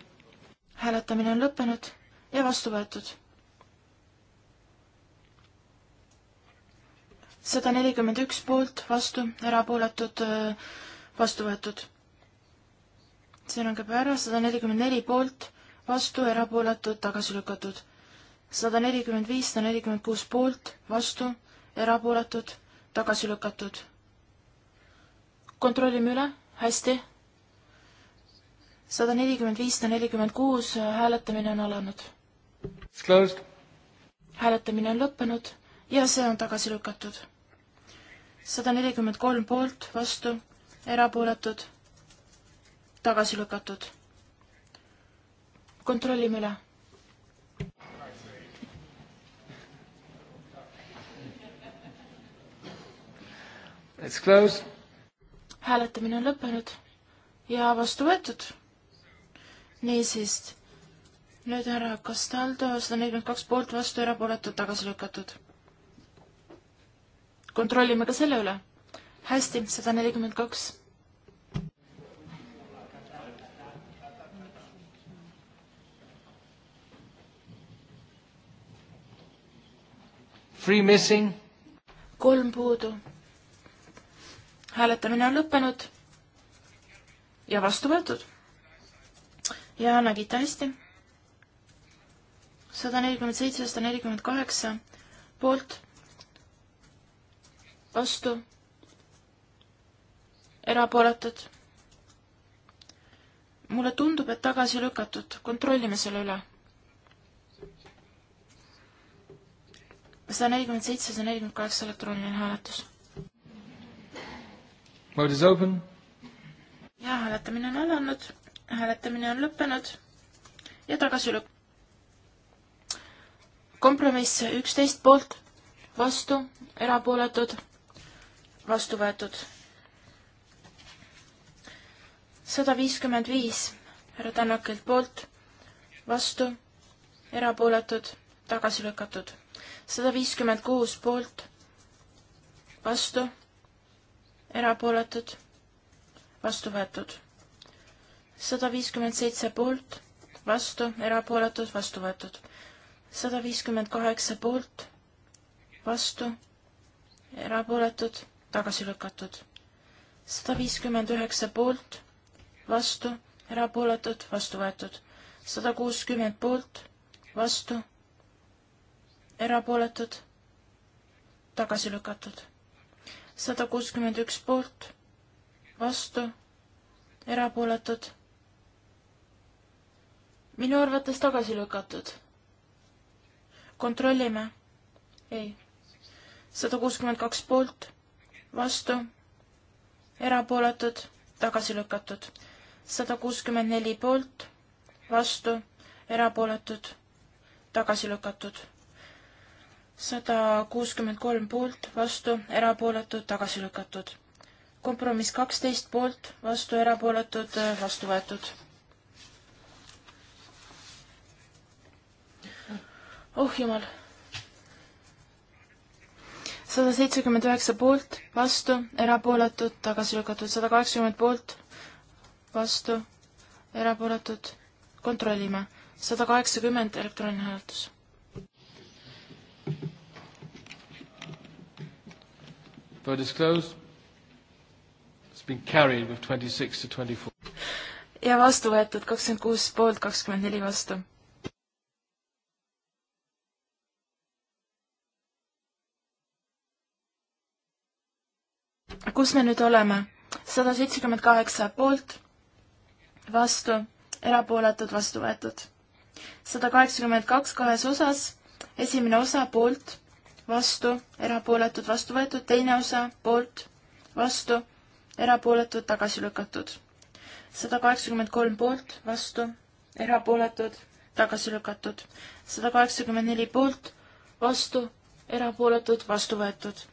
hääletamine on lõppenud ja vastu võetud. sada nelikümmend üks poolt, vastu, erapooletud, äh, vastu võetud. see langeb ära, sada nelikümmend neli poolt, vastu, erapooletud, tagasi lükatud. sada nelikümmend viis, sada nelikümmend kuus poolt, vastu, erapooletud, tagasi lükatud. kontrollime üle, hästi sada nelikümmend viis, sada nelikümmend kuus, hääletamine on alanud. hääletamine on lõppenud ja see on tagasi lükatud. sada nelikümmend kolm poolt, vastu, erapooletud, tagasi lükatud. kontrollime üle. hääletamine on lõppenud ja vastu võetud niisiis, nüüd härra Castaldo, sada nelikümmend kaks poolt, vastu, erapooletud, tagasi lükatud. kontrollime ka selle üle. hästi, sada nelikümmend kaks. Three missing. kolm puudu. hääletamine on lõppenud ja vastu võetud ja nägite hästi. sada nelikümmend seitse, sada nelikümmend kaheksa poolt, vastu, erapooletud. mulle tundub, et tagasi lükatud, kontrollime selle üle. sada nelikümmend seitse, sada nelikümmend kaheksa elektrooniline hääletus. Vote is open. ja hääletamine on alanud hääletamine on lõppenud ja tagasi lükk-. kompromiss üksteist poolt, vastu, erapooletud, vastu võetud. sada viiskümmend viis härra Tänakilt poolt, vastu, erapooletud, tagasi lükatud. sada viiskümmend kuus poolt, vastu, erapooletud, vastu võetud sada viiskümmend seitse poolt, vastu, erapooletud, vastu võetud. sada viiskümmend kaheksa poolt, vastu, erapooletud, tagasi lükatud. sada viiskümmend üheksa poolt, vastu, erapooletud, vastu võetud. sada kuuskümmend poolt, vastu, erapooletud, tagasi lükatud. sada kuuskümmend üks poolt, vastu, erapooletud minu arvates tagasi lükatud. kontrollime. ei. sada kuuskümmend kaks poolt, vastu, erapooletud, tagasi lükatud. sada kuuskümmend neli poolt, vastu, erapooletud, tagasi lükatud. sada kuuskümmend kolm poolt, vastu, erapooletud, tagasi lükatud. kompromiss kaksteist poolt, vastu, erapooletud, vastu võetud oh jumal. sada seitsekümmend üheksa poolt, vastu, erapooletud, tagasi lükatud, sada kaheksakümmend poolt, vastu, erapooletud, kontrollime. sada kaheksakümmend elektrooniline hääletus. Vote is closed. It's been carried with 26 to 24. ja vastu võetud kakskümmend kuus poolt, kakskümmend neli vastu kus me nüüd oleme? sada seitsekümmend kaheksa poolt, vastu, erapooletud, vastu võetud. sada kaheksakümmend kaks kahes osas, esimene osa poolt, vastu, erapooletud, vastu võetud, teine osa poolt, vastu, erapooletud, tagasi lükatud. sada kaheksakümmend kolm poolt, vastu, erapooletud, tagasi lükatud. sada kaheksakümmend neli poolt, vastu, erapooletud, vastu võetud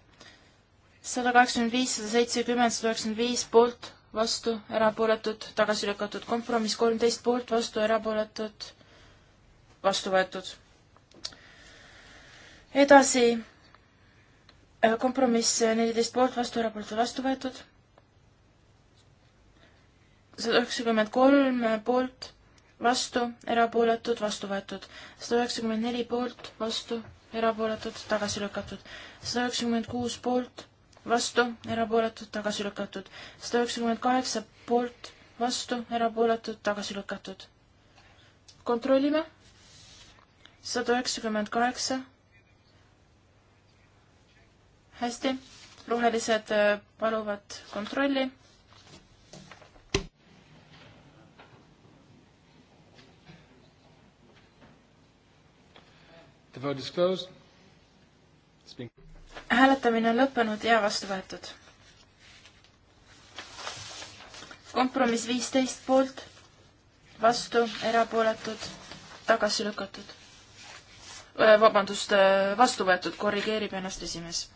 sada kaheksakümmend viis, sada seitsekümmend, sada üheksakümmend viis poolt, vastu, erapooletud, tagasi lükatud. kompromiss kolmteist poolt, vastu, erapooletud, vastu võetud. edasi, äh, kompromiss neliteist poolt, vastu, erapooletud, vastu võetud. sada üheksakümmend kolm poolt, vastu, erapooletud, vastu võetud. sada üheksakümmend neli poolt, vastu, erapooletud, tagasi lükatud. sada üheksakümmend kuus poolt vastu, erapooletud, tagasi lükatud. sada üheksakümmend kaheksa poolt, vastu, erapooletud, tagasi lükatud. kontrollime. sada üheksakümmend kaheksa. hästi, rohelised äh, paluvad kontrolli. The vote is closed hääletamine on lõppenud ja vastu võetud. kompromiss viisteist poolt, vastu, erapooletud, tagasi lükatud. vabandust, vastu võetud, korrigeerib ennast esimees.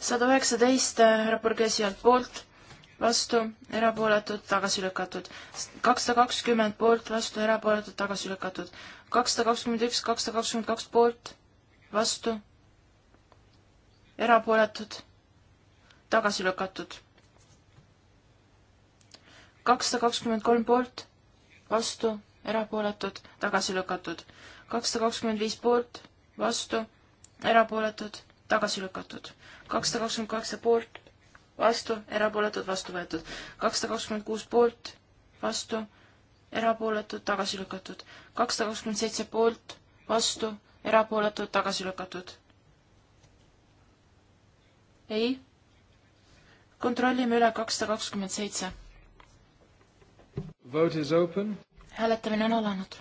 sada üheksateist raporteesijalt poolt vastu, erapooletud, tagasi lükatud. kakssada kakskümmend poolt, vastu, erapooletud, tagasi lükatud. kakssada kakskümmend üks, kakssada kakskümmend kaks poolt, vastu, erapooletud, tagasi lükatud. kakssada kakskümmend kolm poolt, vastu, erapooletud, tagasi lükatud. kakssada kakskümmend viis poolt, vastu, erapooletud, tagasi lükatud. kakssada kakskümmend kaheksa poolt, vastu, erapooletud, vastu võetud. kakssada kakskümmend kuus poolt, vastu, erapooletud, tagasi lükatud. kakssada kakskümmend seitse poolt, vastu, erapooletud, tagasi lükatud. ei. kontrollime üle kakssada kakskümmend seitse. Vote is open. hääletamine on alanud.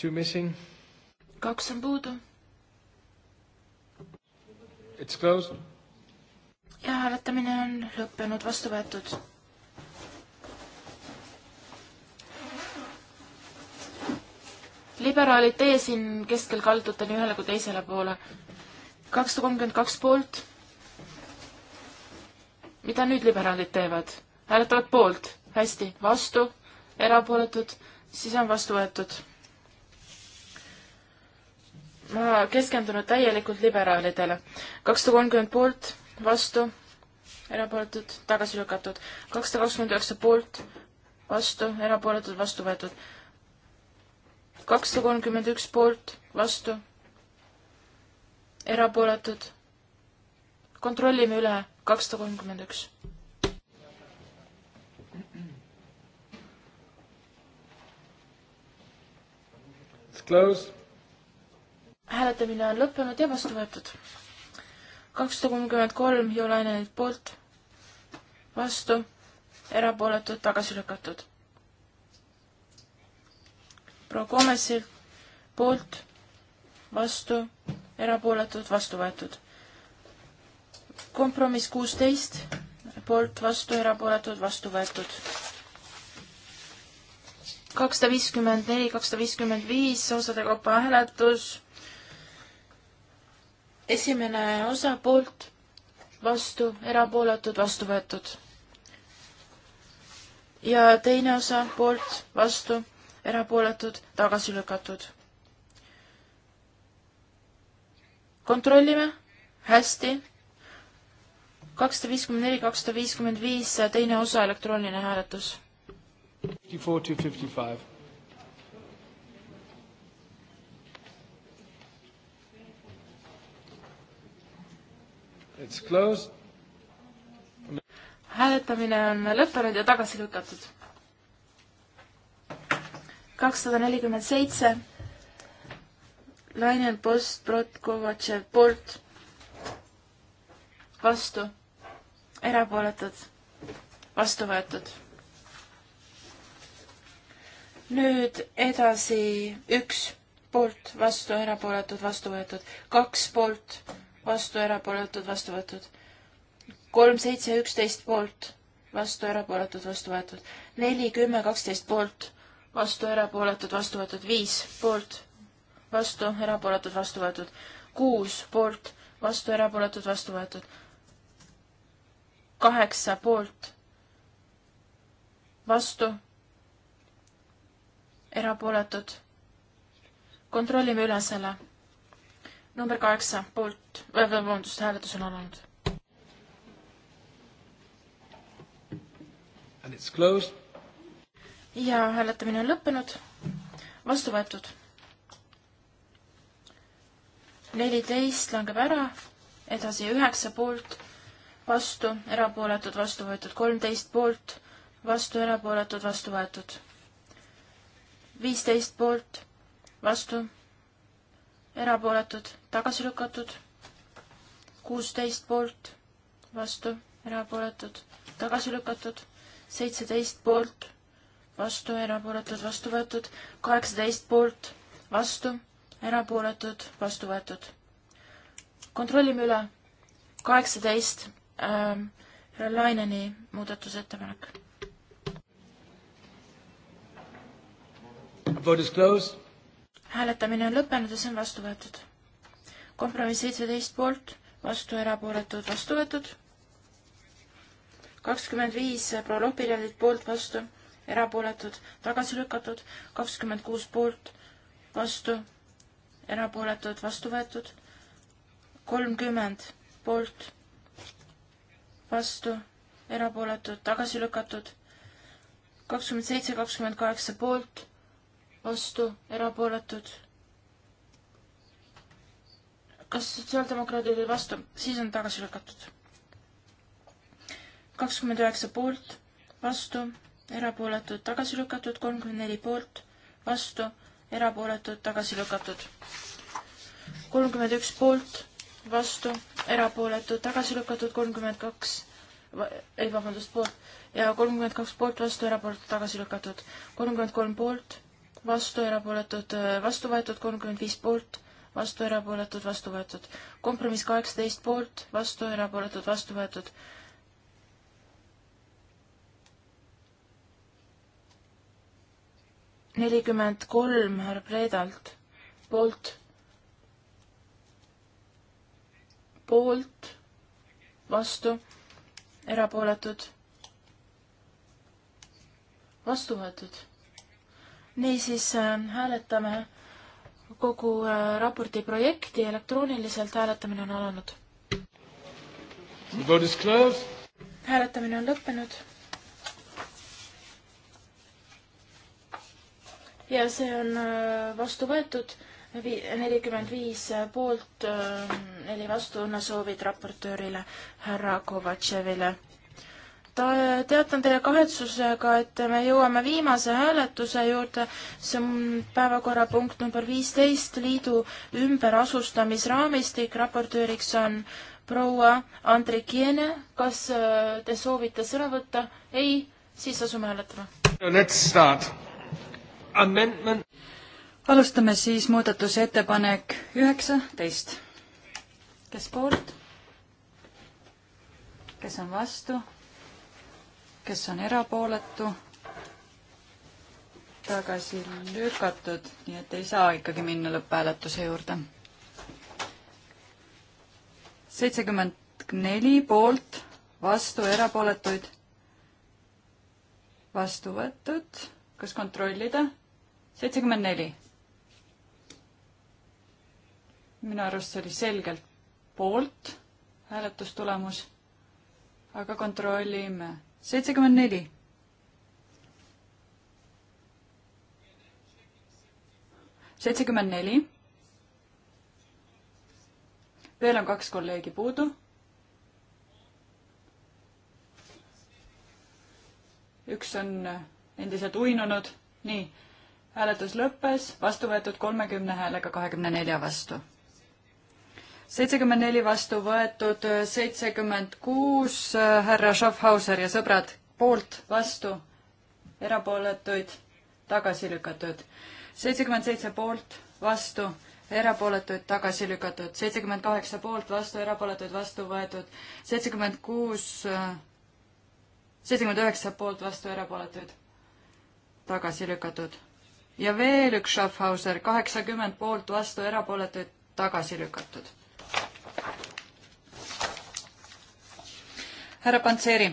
Two missing. kaks on puudu. It's closed ja hääletamine on lõppenud, vastu võetud. liberaalid, teie siin keskel kaldute nii ühele kui teisele poole. kakssada kolmkümmend kaks poolt. mida nüüd liberaalid teevad? hääletavad poolt, hästi, vastu, erapooletud, siis on vastu võetud. ma keskendun täielikult liberaalidele. kakssada kolmkümmend poolt vastu, erapooletud, tagasi lükatud. kakssada kakskümmend üheksa poolt, vastu, erapooletud, vastu võetud. kakssada kolmkümmend üks poolt, vastu, erapooletud. kontrollime üle, kakssada kolmkümmend üks. Close. hääletamine on lõppenud ja vastu võetud kakssada kolmkümmend kolm Jolainelit poolt, vastu, erapooletud, tagasi lükatud. proua Komesil poolt, vastu, erapooletud, vastu võetud. kompromiss kuusteist, poolt, vastu, erapooletud, vastu võetud. kakssada viiskümmend neli, kakssada viiskümmend viis osade kaupa hääletus esimene osa poolt, vastu, erapooletud, vastu võetud. ja teine osa poolt, vastu, erapooletud, tagasi lükatud. kontrollime, hästi. kakssada viiskümmend neli, kakssada viiskümmend viis, teine osa, elektrooniline hääletus. Fifty four to fifty five. hääletamine on lõppenud ja tagasi lükatud. kakssada nelikümmend seitse. Lainel Post, Brot, Kovatšev, poolt. vastu. erapooletud. vastu võetud. nüüd edasi üks poolt, vastu, erapooletud, vastu võetud, kaks poolt vastu, erapooletud, vastu võetud. kolm, seitse, üksteist poolt, vastu, erapooletud, vastu võetud. neli, kümme, kaksteist poolt, vastu, erapooletud, vastu võetud. viis poolt, vastu, erapooletud, vastu võetud. kuus poolt, vastu, erapooletud, vastu võetud. kaheksa poolt, vastu, erapooletud. kontrollime üle selle number kaheksa poolt, äh, vabandust, hääletus on alanud. ja hääletamine on lõppenud, vastu võetud. neliteist langeb ära, edasi üheksa poolt, vastu, erapooletud, vastu võetud, kolmteist poolt, vastu, erapooletud, vastu võetud. viisteist poolt, vastu erapooletud, tagasi lükatud, kuusteist poolt, vastu, erapooletud, tagasi lükatud, seitseteist poolt, vastu, erapooletud, vastu võetud, kaheksateist poolt, vastu, erapooletud, vastu võetud. kontrollime üle, kaheksateist äh,, Laineni muudatusettepanek. Vote is closed hääletamine on lõppenud ja see on vastu võetud. kompromiss seitseteist poolt, vastu erapooletud, vastu võetud. kakskümmend viis prolopiljandit poolt, vastu erapooletud, tagasi lükatud, kakskümmend kuus poolt, vastu erapooletud, vastu võetud, kolmkümmend poolt, vastu erapooletud, tagasi lükatud kakskümmend seitse, kakskümmend kaheksa poolt, vastu, erapooletud. kas sotsiaaldemokraadid olid vastu, siis on tagasi lükatud. kakskümmend üheksa poolt, vastu, erapooletud, tagasi lükatud, kolmkümmend neli poolt, vastu, erapooletud, tagasi lükatud. kolmkümmend üks poolt, vastu, erapooletud, tagasi lükatud, kolmkümmend kaks ei, vabandust, poolt ja kolmkümmend kaks poolt vastu, erapooletud tagasi lükatud. kolmkümmend kolm poolt vastu, erapooletud, äh, vastu võetud, kolmkümmend viis poolt, vastu, erapooletud, vastu võetud. kompromiss kaheksateist poolt, vastu, erapooletud, vastu võetud. nelikümmend kolm härra Predalt, poolt, poolt, vastu, erapooletud, vastu võetud niisiis äh, hääletame kogu äh, raporti projekti elektrooniliselt, hääletamine on alanud. hääletamine on lõppenud. ja see on äh, vastu võetud, nelikümmend viis poolt, neli vastuõnnasoovid raportöörile härra Kovatševile Eh, teatan teile kahetsusega, et me jõuame viimase hääletuse juurde, see on päevakorrapunkt number viisteist, liidu ümberasustamisraamistik, raportööriks on proua Andrikiene, kas eh, te soovite sõna võtta? ei, siis asume hääletama. Let's start. Amendment. alustame siis muudatusettepanek üheksateist. kes poolt? kes on vastu? kes on erapooletu, tagasi lükatud, nii et ei saa ikkagi minna lõpphääletuse juurde. seitsekümmend neli poolt, vastu erapooletuid, vastu võetud, kas kontrollida? seitsekümmend neli. minu arust see oli selgelt poolt hääletustulemus, aga kontrollime seitsekümmend neli. seitsekümmend neli. veel on kaks kolleegi puudu. üks on endiselt uinunud. nii, hääletus lõppes, vastu võetud kolmekümne häälega kahekümne nelja vastu seitsekümmend neli vastu võetud, seitsekümmend kuus äh, härra Schaffhauser ja sõbrad poolt, vastu, erapooletuid, tagasi lükatud. seitsekümmend seitse poolt, vastu, erapooletuid, tagasi lükatud. seitsekümmend kaheksa poolt, vastu, erapooletuid, vastu võetud. seitsekümmend kuus, äh, seitsekümmend üheksa poolt, vastu, erapooletuid, tagasi lükatud. ja veel üks Schaffhauser, kaheksakümmend poolt, vastu, erapooletuid, tagasi lükatud härra Pantseri,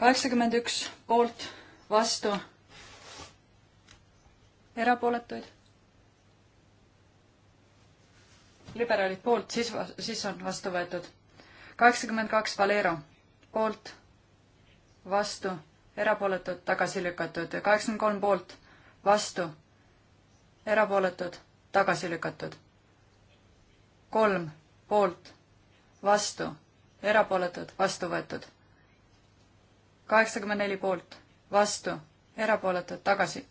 kaheksakümmend üks poolt, vastu, erapooletuid. liberaalid poolt, siis, siis on vastu võetud. kaheksakümmend kaks Valero poolt, vastu, erapooletud, tagasi lükatud. kaheksakümmend kolm poolt, vastu, erapooletud, tagasi lükatud. kolm poolt, vastu erapooletud, vastu võetud. kaheksakümmend neli poolt, vastu, erapooletud, tagasi,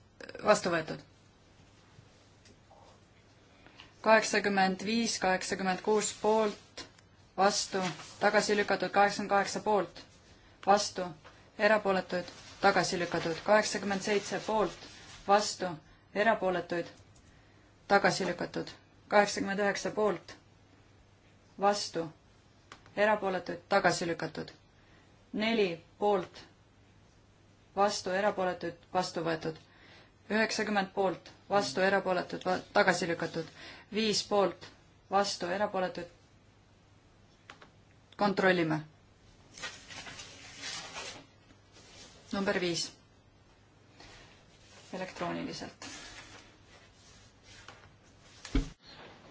vastu võetud. kaheksakümmend viis, kaheksakümmend kuus poolt, vastu, tagasi lükatud, kaheksakümmend kaheksa poolt, vastu, erapooletuid, tagasi lükatud, kaheksakümmend seitse poolt, vastu, erapooletuid, tagasi lükatud, kaheksakümmend üheksa poolt, vastu erapooletuid tagasi lükatud. neli poolt, vastu, erapooletuid, vastu võetud. üheksakümmend poolt, vastu, erapooletuid, tagasi lükatud. viis poolt, vastu, erapooletuid. kontrollime. number viis. elektrooniliselt.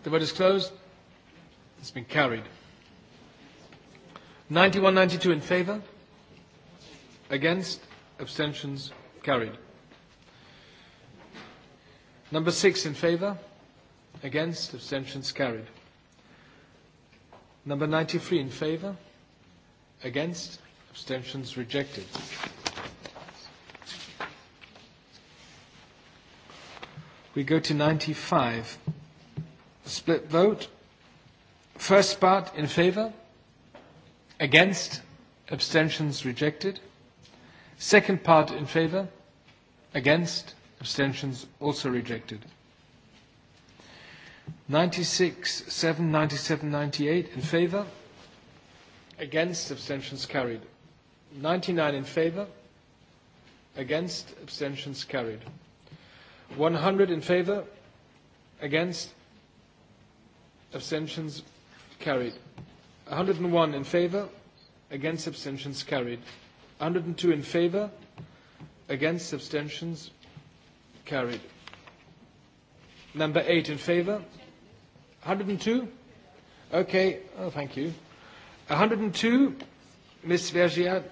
The vote is closed. It's been carried. 91, 92 in favour. Against. Abstentions carried. Number six in favour. Against. Abstentions carried. Number 93 in favour. Against. Abstentions rejected. We go to 95. Split vote. First part in favour. Against? Abstentions rejected. Second part in favor? Against? Abstentions also rejected. 96, 7, 97, 98 in favor? Against? Abstentions carried. 99 in favor? Against? Abstentions carried. 100 in favor? Against? Abstentions carried. 101 in favor, against abstentions carried. 102 in favor, against abstentions carried. Number 8 in favor. 102? Okay, oh, thank you. 102, Ms. Vergiat,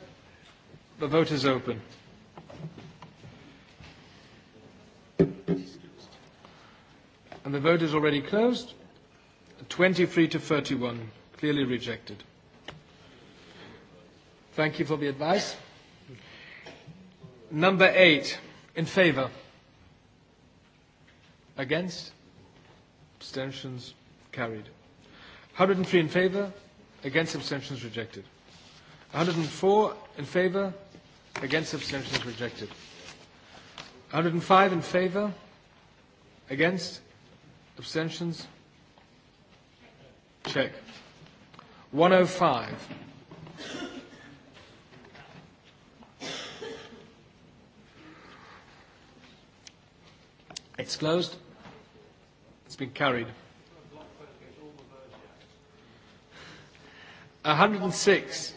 the vote is open. And the vote is already closed. 23 to 31 clearly rejected. Thank you for the advice. Number eight, in favor. Against? Abstentions carried. 103 in favor. Against abstentions rejected. 104 in favor. Against abstentions rejected. 105 in favor. Against abstentions check. 105. It's closed. It's been carried. 106.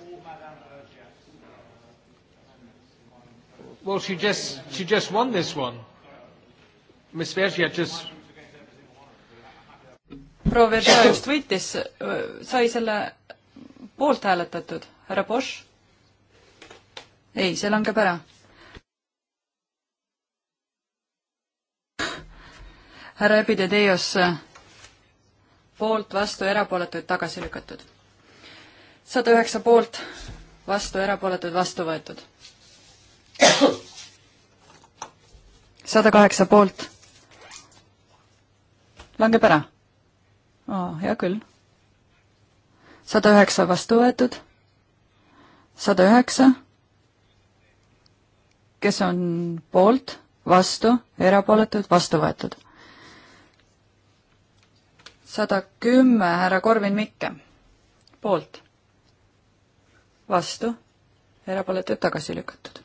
Well, she just she just won this one. Miss Vergia just. proua Vergia just võitis, sai selle poolt hääletatud, härra Bosch? ei, see langeb ära. härra Epideteios, poolt, vastu, erapooletuid, tagasi lükatud. sada üheksa poolt, vastu, erapooletuid, vastu võetud. sada kaheksa poolt. langeb ära. aa, hea küll sada üheksa vastu võetud, sada üheksa, kes on poolt, vastu, erapooletud, vastu võetud. sada kümme, härra Korvin Mikke, poolt, vastu, erapooletud, tagasi lükatud.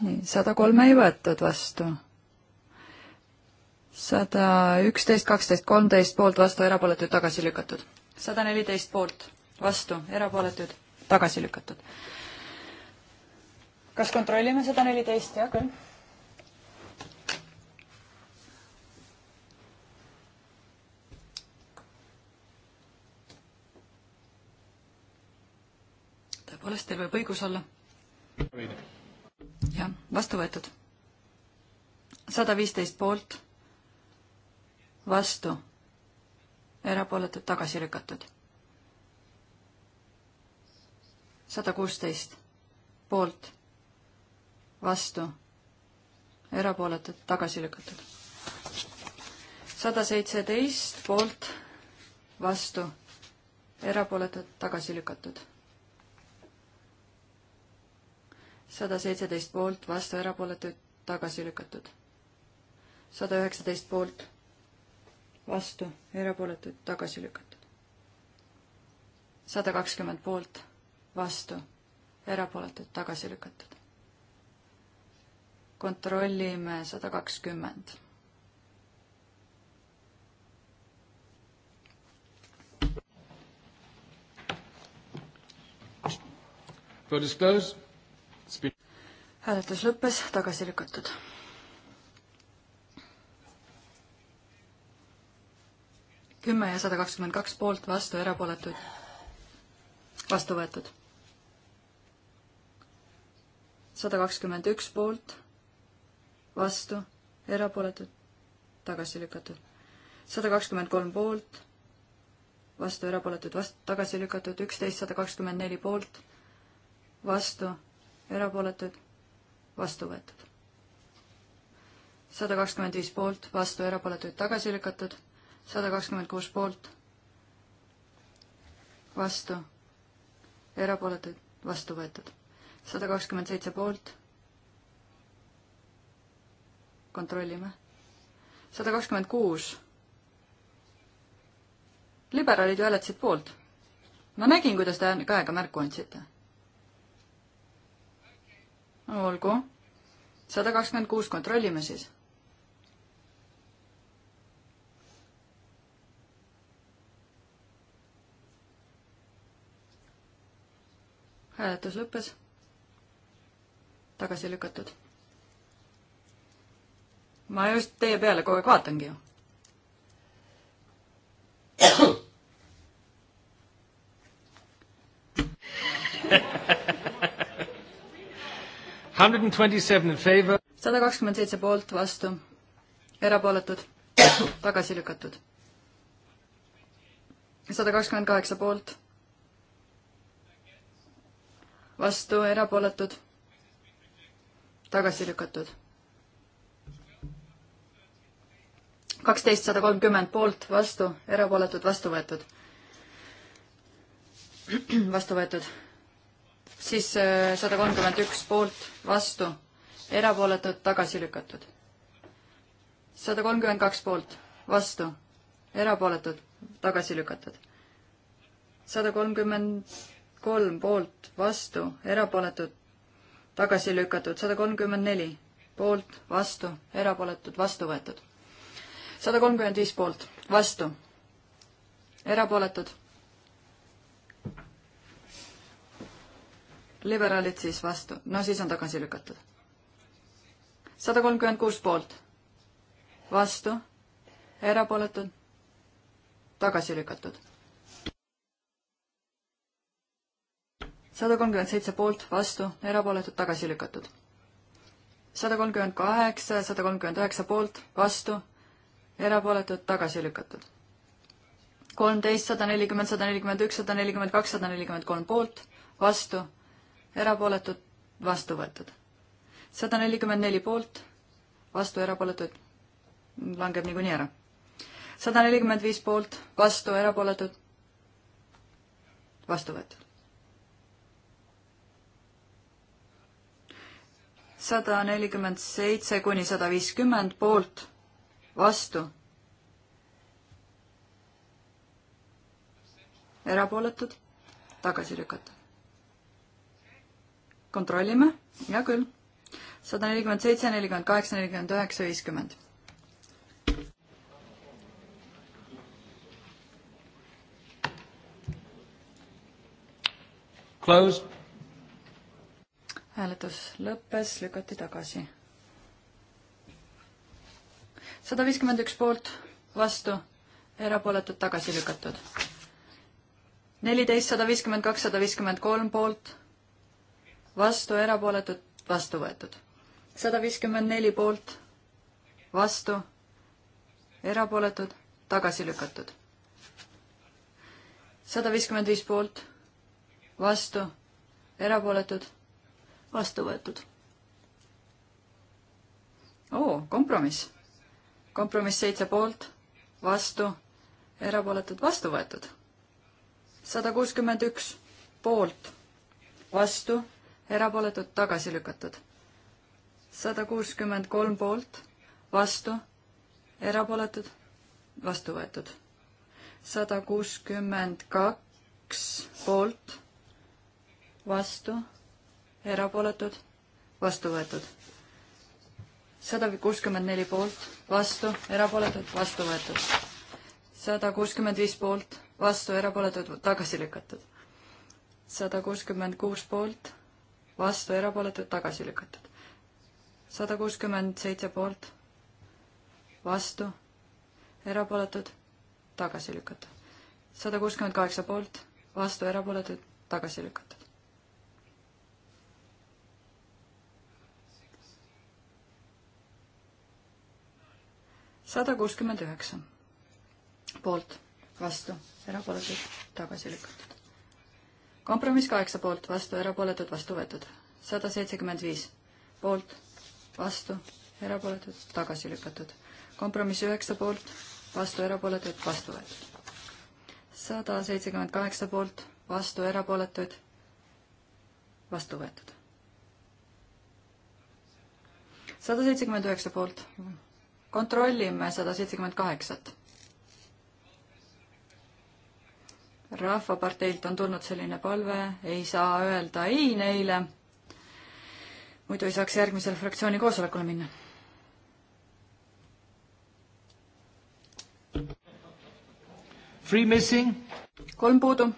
nii, sada kolme ei võetud vastu sada üksteist, kaksteist, kolmteist poolt, vastu, erapooletuid, tagasi lükatud. sada neliteist poolt, vastu, erapooletuid, tagasi lükatud. kas kontrollime sada neliteist, hea küll. tõepoolest, teil võib õigus olla. jah, vastu võetud. sada viisteist poolt vastu, erapooletud tagasi lükatud. sada kuusteist poolt, vastu, erapooletud tagasi lükatud. sada seitseteist poolt, vastu, erapooletud tagasi lükatud sada seitseteist poolt, vastu erapooletuid, tagasi lükatud. sada üheksateist poolt, vastu, erapooletuid tagasi lükatud. sada kakskümmend poolt, vastu, erapooletuid tagasi lükatud. kontrollime sada kakskümmend. hääletus lõppes, tagasi lükatud kümme ja sada kakskümmend kaks poolt, vastu, erapooletud, vastu võetud. sada kakskümmend üks poolt, vastu, erapooletud, tagasi lükatud. sada kakskümmend kolm poolt, vastu, erapooletud, vastu, tagasi lükatud, üksteist, sada kakskümmend neli poolt, vastu, erapooletud, vastu võetud. sada kakskümmend viis poolt, vastu, erapooletud, tagasi lükatud sada kakskümmend kuus poolt, vastu, erapooletuid, vastu võetud. sada kakskümmend seitse poolt, kontrollime. sada kakskümmend kuus. liberaalid ju hääletasid poolt. ma nägin, kuidas te käega märku andsite. olgu, sada kakskümmend kuus, kontrollime siis hääletus lõppes. tagasi lükatud. ma just teie peale kogu aeg vaatangi ju. (laughs) sada kakskümmend seitse poolt, vastu, erapooletud, tagasi lükatud. sada kakskümmend kaheksa poolt vastu erapooletud, tagasi lükatud. kaksteist sada kolmkümmend poolt, vastu, erapooletud, vastu võetud. (clears throat) vastu võetud. siis äh, sada kolmkümmend üks poolt, vastu, erapooletud, tagasi lükatud. sada kolmkümmend kaks poolt, vastu, erapooletud, tagasi lükatud. sada kolmkümmend kolm poolt, vastu, erapooletud, tagasi lükatud, sada kolmkümmend neli poolt, vastu, erapooletud, vastu võetud. sada kolmkümmend viis poolt, vastu, erapooletud. liberaalid siis vastu, no siis on tagasi lükatud. sada kolmkümmend kuus poolt, vastu, erapooletud, tagasi lükatud sada kolmkümmend seitse poolt, vastu, erapooletud, tagasi lükatud. sada kolmkümmend kaheksa, sada kolmkümmend üheksa poolt, vastu, erapooletud, tagasi lükatud. kolmteist, sada nelikümmend, sada nelikümmend üks, sada nelikümmend kaks, sada nelikümmend kolm poolt, vastu, erapooletud, vastu võetud. sada nelikümmend neli poolt, vastu, erapooletud, langeb niikuinii ära. sada nelikümmend viis poolt, vastu, erapooletud, vastu võetud sada nelikümmend seitse kuni sada viiskümmend poolt, vastu. erapooletud, tagasi lükata. kontrollime, hea küll. sada nelikümmend seitse, nelikümmend kaheksa, nelikümmend üheksa, viiskümmend. Closed hääletus lõppes, lükati tagasi. sada viiskümmend üks poolt, vastu, erapooletud, tagasi lükatud. neliteist, sada viiskümmend kaks, sada viiskümmend kolm poolt, vastu, erapooletud, vastu võetud. sada viiskümmend neli poolt, vastu, erapooletud, tagasi lükatud. sada viiskümmend viis poolt, vastu, erapooletud vastu võetud. oo, kompromiss. kompromiss seitse poolt, vastu, erapooletud, vastu võetud. sada kuuskümmend üks poolt, vastu, erapooletud, tagasi lükatud. sada kuuskümmend kolm poolt, vastu, erapooletud, vastu võetud. sada kuuskümmend kaks poolt, vastu erapooletud, vastu võetud. sada kuuskümmend neli poolt, vastu, erapooletud, vastu võetud. sada kuuskümmend viis poolt, vastu, erapooletud, tagasi lükatud. sada kuuskümmend kuus poolt, vastu, erapooletud, tagasi lükatud. sada kuuskümmend seitse poolt, vastu, erapooletud, tagasi lükatud. sada kuuskümmend kaheksa poolt, vastu, erapooletud, tagasi lükatud sada kuuskümmend üheksa. poolt, vastu, erapooletud, tagasi lükatud. kompromiss kaheksa poolt, vastu, erapooletud, vastu võetud. sada seitsekümmend viis poolt, vastu, erapooletud, tagasi lükatud. kompromiss üheksa poolt, vastu, erapooletud, vastu võetud. sada seitsekümmend kaheksa poolt, vastu, erapooletuid, vastu võetud. sada seitsekümmend üheksa poolt kontrollime sada seitsekümmend kaheksat. rahvaparteilt on tulnud selline palve, ei saa öelda ei neile, muidu ei saaks järgmisele fraktsiooni koosolekule minna. Three missing. kolm puudu.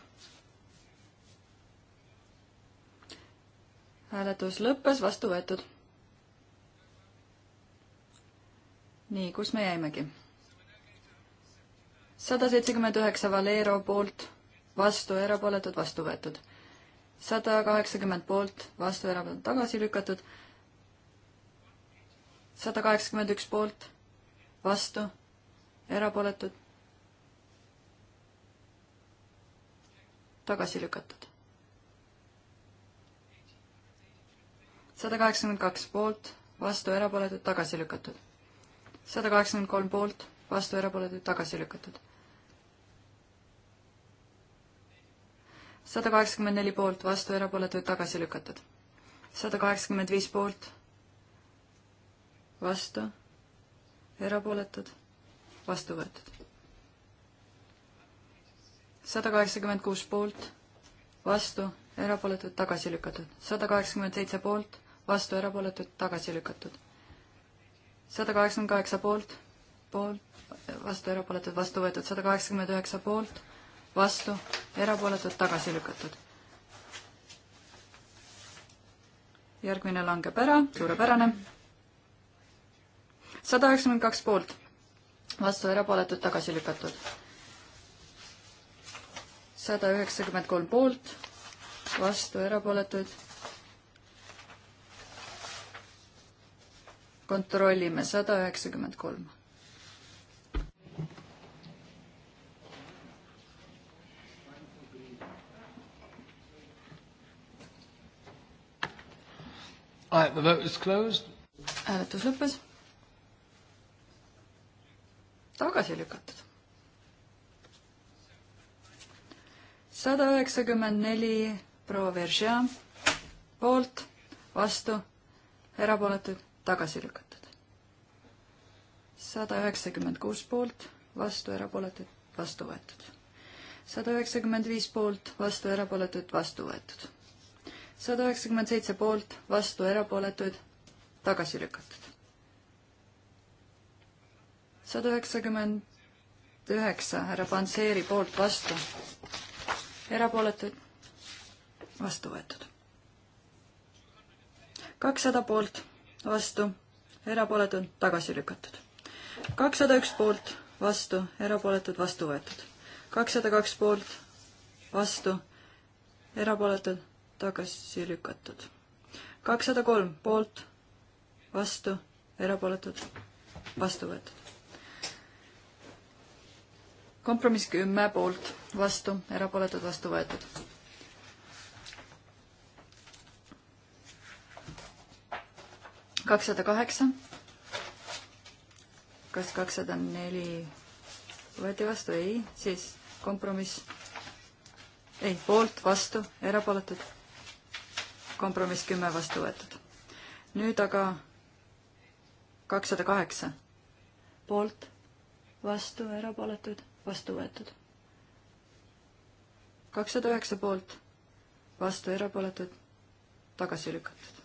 hääletus lõppes, vastu võetud nii, kus me jäimegi? sada seitsekümmend üheksa Valero poolt, vastu, erapooletud, vastu võetud. sada kaheksakümmend poolt, vastu, erapooletud, tagasi lükatud. sada kaheksakümmend üks poolt, vastu, erapooletud, tagasi lükatud. sada kaheksakümmend kaks poolt, vastu, erapooletud, tagasi lükatud sada kaheksakümmend kolm poolt, vastu erapooletuid tagasi lükatud. sada kaheksakümmend neli poolt, vastu erapooletuid tagasi lükatud. sada kaheksakümmend viis poolt, vastu, erapooletud, vastu võetud. sada kaheksakümmend kuus poolt, vastu, erapooletud, tagasi lükatud. sada kaheksakümmend seitse poolt, vastu, erapooletud, tagasi lükatud sada kaheksakümmend kaheksa poolt, poolt, vastu, erapooletud, vastu võetud, sada kaheksakümmend üheksa poolt, vastu, erapooletud, tagasi lükatud. järgmine langeb ära, suurepärane. sada üheksakümmend kaks poolt, vastu, erapooletud, tagasi lükatud. sada üheksakümmend kolm poolt, vastu, erapooletud kontrollime sada üheksakümmend kolm. hääletus lõppes. tagasi lükatud. sada üheksakümmend neli proua Veržea poolt, vastu, erapooletud tagasi lükatud. sada üheksakümmend kuus poolt, vastu, erapooletud, vastu võetud. sada üheksakümmend viis poolt, vastu, erapooletud, vastu võetud. sada üheksakümmend seitse poolt, vastu, erapooletuid, tagasi lükatud. sada üheksakümmend üheksa härra Panseeri poolt vastu, erapooletuid vastu võetud. kakssada poolt vastu, erapooletud, tagasi lükatud. kakssada üks poolt, vastu, erapooletud, vastu võetud. kakssada kaks poolt, vastu, erapooletud, tagasi lükatud. kakssada kolm poolt, vastu, erapooletud, vastu võetud kompromiss kümme poolt, vastu, erapooletud, vastu võetud kakssada kaheksa. kas kakssada neli võeti vastu? ei, siis kompromiss. ei, poolt, vastu, erapooletud. kompromiss kümme vastu võetud. nüüd aga kakssada kaheksa. poolt, vastu, erapooletud, vastu võetud. kakssada üheksa poolt, vastu, erapooletud, tagasi lükatud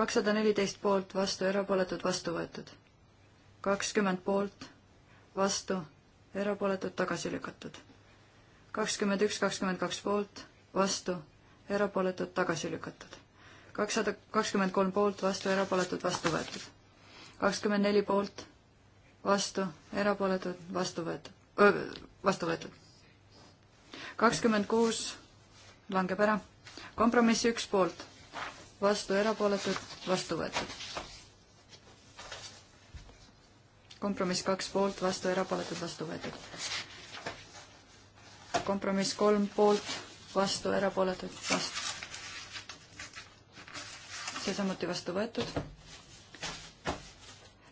kakssada neliteist poolt, vastu, erapooletud, vastu võetud. kakskümmend poolt, vastu, erapooletud, tagasi lükatud. kakskümmend üks, kakskümmend kaks poolt, vastu, erapooletud, tagasi lükatud. kakssada kakskümmend kolm poolt, vastu, erapooletud, vastu võetud. kakskümmend neli poolt, vastu, erapooletud, vastu võetud, vastu võetud kakskümmend kuus langeb ära. kompromissi üks poolt, vastu erapooletud, vastu võetud. kompromiss kaks poolt, vastu erapooletud, vastu võetud. kompromiss kolm poolt, vastu erapooletud, vastu. see samuti vastu võetud.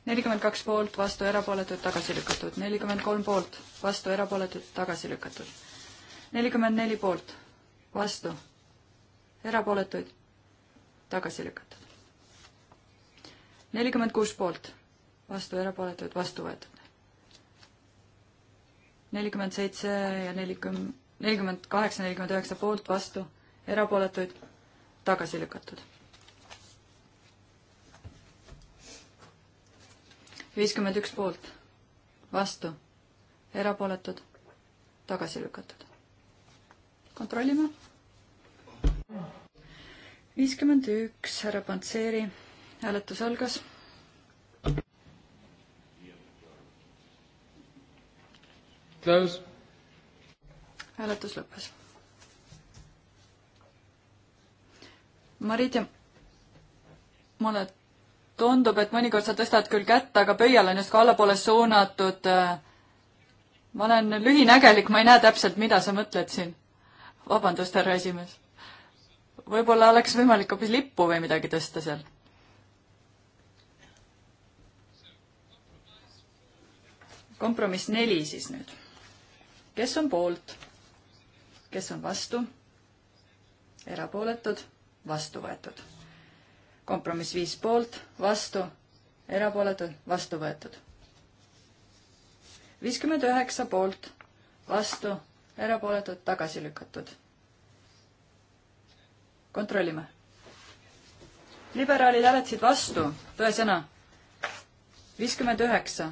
nelikümmend kaks poolt, vastu erapooletud, tagasi lükatud. nelikümmend kolm poolt, vastu erapooletud, tagasi lükatud. nelikümmend neli poolt, vastu, erapooletuid tagasi lükatud. nelikümmend kuus poolt, vastu erapooletud, vastu võetud. nelikümmend seitse ja nelikümmend, nelikümmend kaheksa, nelikümmend üheksa poolt, vastu, erapooletuid, tagasi lükatud. viiskümmend üks poolt, vastu, erapooletud, tagasi lükatud. kontrollime viiskümmend üks, härra Pantseri, hääletus algas. Close. hääletus lõppes. Marit ja mulle tundub, et mõnikord sa tõstad küll kätt, aga pöial on justkui allapoole suunatud. ma olen lühinägelik, ma ei näe täpselt, mida sa mõtled siin. vabandust, härra esimees võib-olla oleks võimalik hoopis lippu või midagi tõsta seal. kompromiss neli siis nüüd. kes on poolt? kes on vastu? erapooletud, vastu võetud. kompromiss viis poolt, vastu, erapooletud, vastu võetud. viiskümmend üheksa poolt, vastu, erapooletud, tagasi lükatud kontrollime. liberaalid hääletasid vastu, tõesõna. viiskümmend üheksa.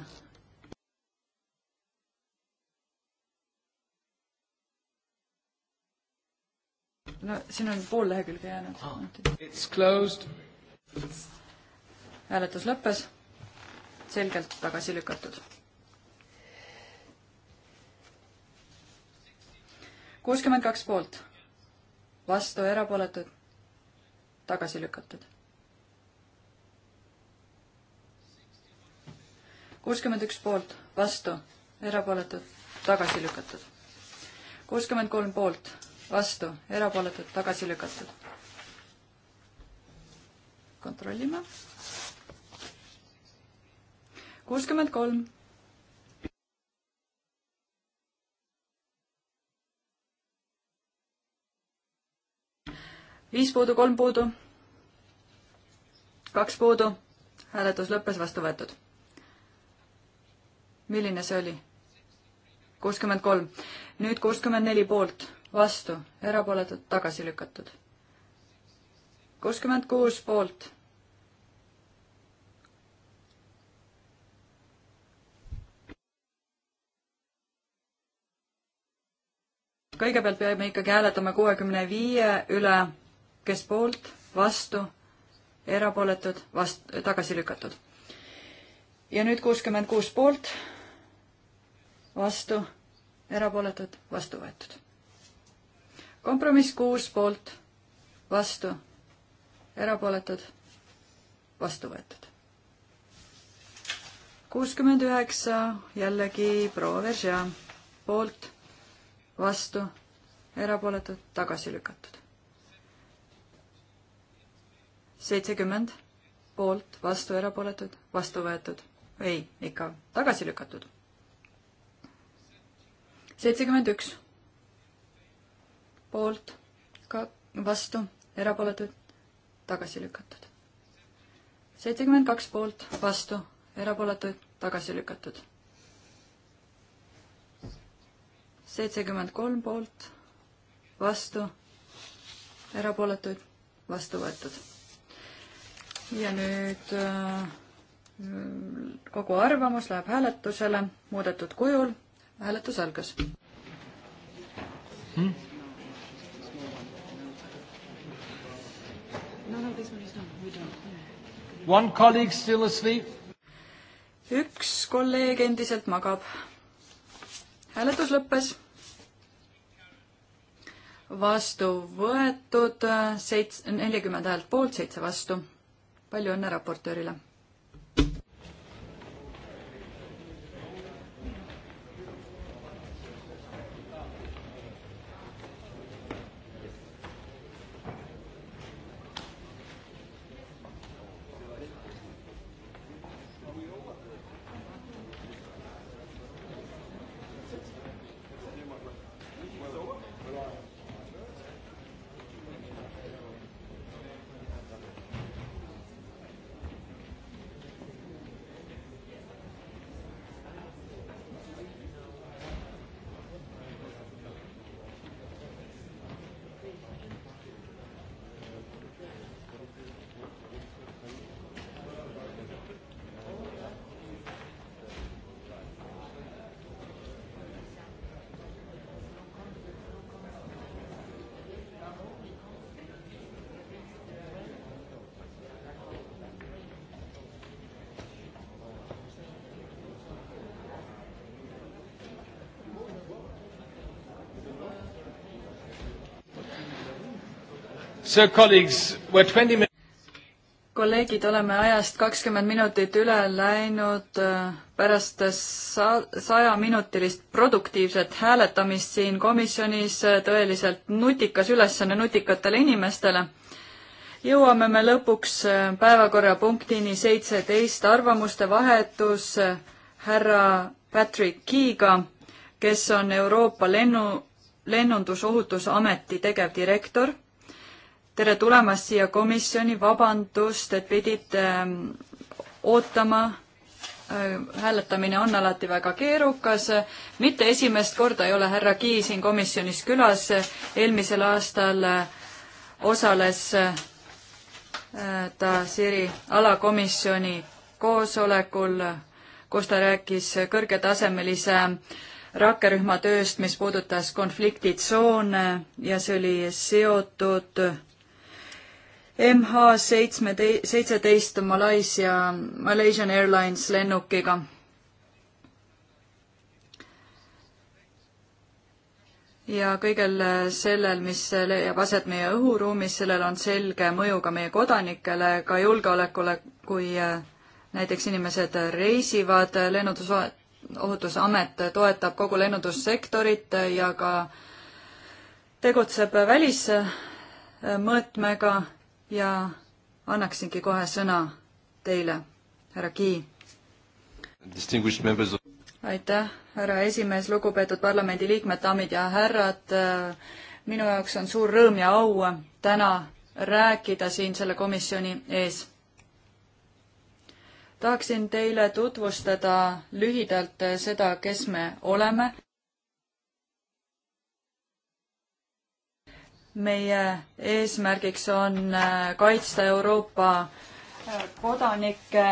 no siin on pool lehekülge jäänud oh.. It's closed. hääletus lõppes, selgelt tagasi lükatud kuuskümmend kaks poolt, vastu erapooletud, tagasi lükatud. kuuskümmend üks poolt, vastu, erapooletud, tagasi lükatud. kuuskümmend kolm poolt, vastu, erapooletud, tagasi lükatud. kontrollime. kuuskümmend kolm viis puudu, kolm puudu, kaks puudu, hääletus lõppes, vastu võetud. milline see oli? kuuskümmend kolm. nüüd kuuskümmend neli poolt, vastu, erapooletud, tagasi lükatud. kuuskümmend kuus poolt kõigepealt peame ikkagi hääletama kuuekümne viie üle kes poolt, vastu, erapooletud, vast-, tagasi lükatud. ja nüüd kuuskümmend kuus poolt, vastu, erapooletud, vastu võetud. kompromiss kuus poolt, vastu, erapooletud, vastu võetud. kuuskümmend üheksa, jällegi proua Veržea, poolt, vastu, erapooletud, tagasi lükatud seitsekümmend poolt, vastu, erapooletud, vastu võetud. ei, ikka tagasi lükatud. seitsekümmend üks poolt, ka vastu, erapooletud, tagasi lükatud. seitsekümmend kaks poolt, vastu, erapooletuid, tagasi lükatud. seitsekümmend kolm poolt, vastu, erapooletuid, vastu võetud ja nüüd äh, kogu arvamus läheb hääletusele muudetud kujul. hääletus algas hmm?. One colleague still asleep. üks kolleeg endiselt magab. hääletus lõppes vastu võetud, seits-, nelikümmend häält poolt, seitse vastu palju õnne raportöörile! kolleegid, oleme ajast kakskümmend minutit üle läinud äh, pärast sajaminutilist produktiivset hääletamist siin komisjonis, äh, tõeliselt nutikas ülesanne nutikatele inimestele. jõuame me lõpuks äh, päevakorrapunktini seitseteist, arvamuste vahetus härra Patrick Keyga, kes on Euroopa lennu, lennundusohutusameti tegevdirektor tere tulemast siia komisjoni, vabandust, et pidite ähm, ootama. Äh, hääletamine on alati väga keerukas. mitte esimest korda ei ole härra Kii siin komisjonis külas. eelmisel aastal äh, osales äh, ta Siri alakomisjoni koosolekul, kus ta rääkis kõrgetasemelise rakkerühma tööst, mis puudutas konfliktitsoone ja see oli seotud MH seitsme, seitseteist Malaisia, Malaysian Airlines lennukiga. ja kõigel sellel, mis leiab aset meie õhuruumis, sellel on selge mõju ka meie kodanikele, ka julgeolekule, kui äh, näiteks inimesed reisivad, lennundusohutusamet toetab kogu lennundussektorit ja ka tegutseb välismõõtmega ja annaksingi kohe sõna teile, härra Kii. aitäh, härra esimees, lugupeetud parlamendiliikmed, daamid ja härrad. minu jaoks on suur rõõm ja au täna rääkida siin selle komisjoni ees. tahaksin teile tutvustada lühidalt seda, kes me oleme meie eesmärgiks on äh, kaitsta Euroopa äh, kodanikke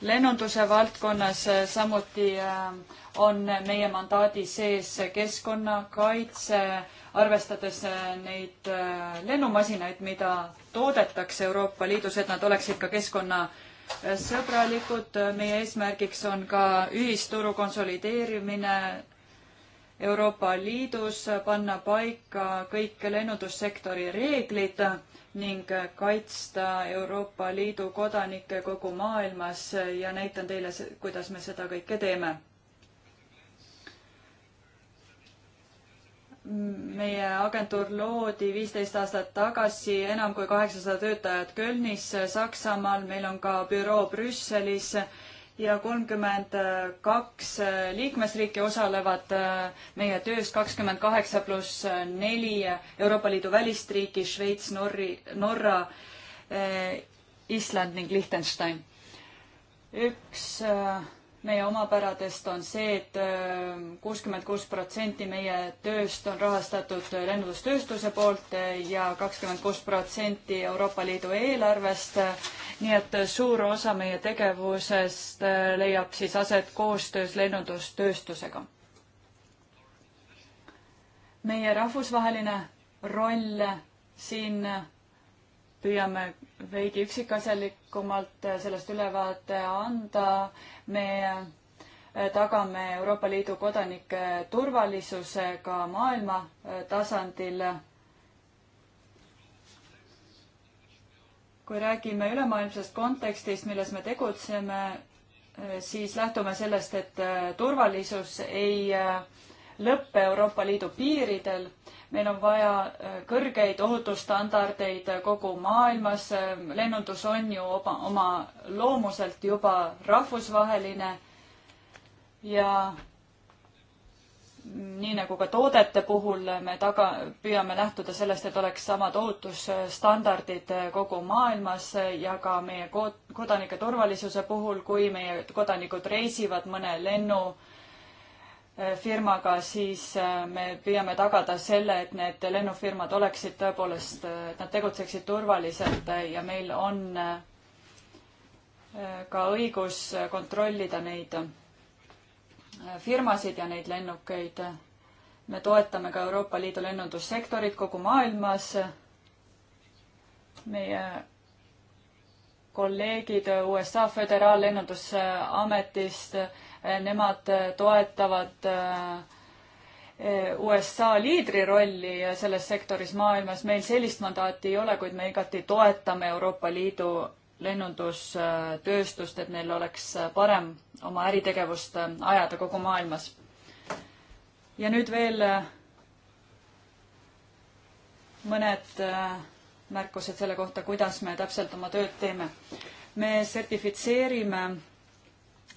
lennunduse valdkonnas, äh, samuti on meie mandaadi sees keskkonnakaitse, arvestades neid lennumasinaid, mida toodetakse Euroopa Liidus, et nad oleksid ka keskkonnasõbralikud. meie eesmärgiks on ka ühisturu konsolideerimine Euroopa Liidus panna paika kõik lennundussektori reeglid ning kaitsta Euroopa Liidu kodanikke kogu maailmas ja näitan teile, kuidas me seda kõike teeme. meie agentuur loodi viisteist aastat tagasi, enam kui kaheksasada töötajat Kölnis, Saksamaal, meil on ka büroo Brüsselis ja kolmkümmend kaks liikmesriiki osalevad äh, meie töös, kakskümmend kaheksa pluss äh, neli Euroopa Liidu välistriiki, Šveits, Norri, Norra, äh, Island ning Liechtenstein. üks meie omapäradest on see et, et kuuskümmend kuus protsenti meie tööst on rahastatud lennundustööstuse poolt ja kakskümmend kuus protsenti Euroopa Liidu eelarvest nii et äh, suur osa meie tegevusest äh, leiab siis aset koostöös lennundustööstusega. meie rahvusvaheline roll siin äh, püüame veidi üksikasjalikumalt sellest ülevaate anda. me tagame Euroopa Liidu kodanike turvalisuse ka maailma tasandil kui räägime ülemaailmsest kontekstist, milles me tegutseme, eh, siis lähtume sellest, et eh, turvalisus ei eh, lõppe Euroopa Liidu piiridel. meil on vaja kõrgeid ohutusstandardeid kogu maailmas. lennundus on ju oma, oma loomuselt juba rahvusvaheline ja nii nagu ka toodete puhul me taga, püüame lähtuda sellest, et oleks samad ohutusstandardid kogu maailmas ja ka meie kodanike turvalisuse puhul, kui meie kodanikud reisivad mõne lennufirmaga, eh, siis eh, me püüame tagada selle, et need lennufirmad oleksid tõepoolest, eh, et nad tegutseksid turvaliselt ja meil on ka õigus kontrollida neid firmasid ja neid lennukeid. me toetame ka Euroopa Liidu lennundussektorit kogu maailmas. meie kolleegid USA Föderaallennundusametist, nemad toetavad äh, USA liidrirolli selles sektoris maailmas. meil sellist mandaati ei ole, kuid me igati toetame Euroopa Liidu lennundustööstust, et neil oleks parem oma äritegevust ajada kogu maailmas. ja nüüd veel äh, mõned äh, märkused selle kohta, kuidas me täpselt oma tööd teeme. me sertifitseerime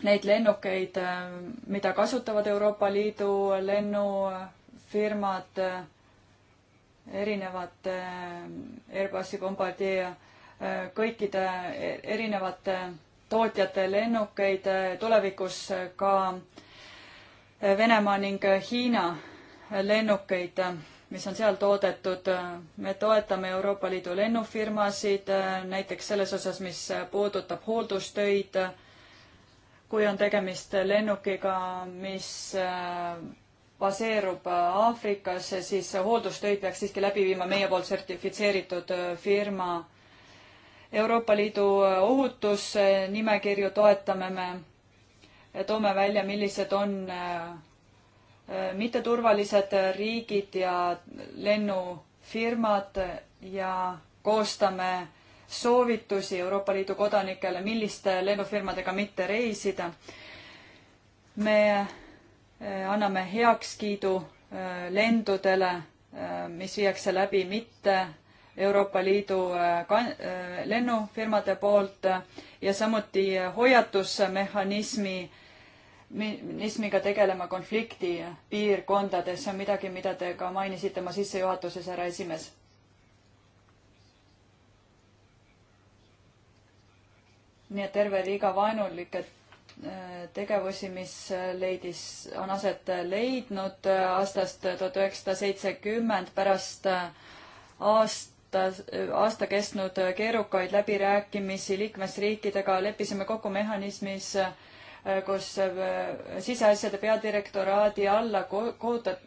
neid lennukeid, äh, mida kasutavad Euroopa Liidu lennufirmad, erinevad Airbusi, Bombardier kõikide erinevate tootjate lennukeid tulevikus ka Venemaa ning Hiina lennukeid, mis on seal toodetud. me toetame Euroopa Liidu lennufirmasid näiteks selles osas, mis puudutab hooldustöid, kui on tegemist lennukiga, mis äh, baseerub Aafrikas, siis hooldustöid peaks siiski läbi viima meie poolt sertifitseeritud äh, firma Euroopa Liidu ohutusnimekirju toetame me, toome välja, millised on äh, mitteturvalised riigid ja lennufirmad ja koostame soovitusi Euroopa Liidu kodanikele, milliste lennufirmadega mitte reisida. me äh, anname heakskiidu äh, lendudele, mis viiakse läbi mitte Euroopa Liidu äh, äh, lennufirmade poolt äh, ja samuti hoiatusmehhanismi mehhanismiga tegelema konflikti piirkondades, see on midagi, mida te ka mainisite oma sissejuhatuses, härra esimees. nii et terve liiga vaenulikke tegevusi, mis leidis, on aset leidnud aastast tuhat üheksasada seitsekümmend pärast aast-, aasta, aasta kestnud keerukaid läbirääkimisi liikmesriikidega leppisime kokku mehhanismis, kus siseasjade peadirektoraadi alla koota-,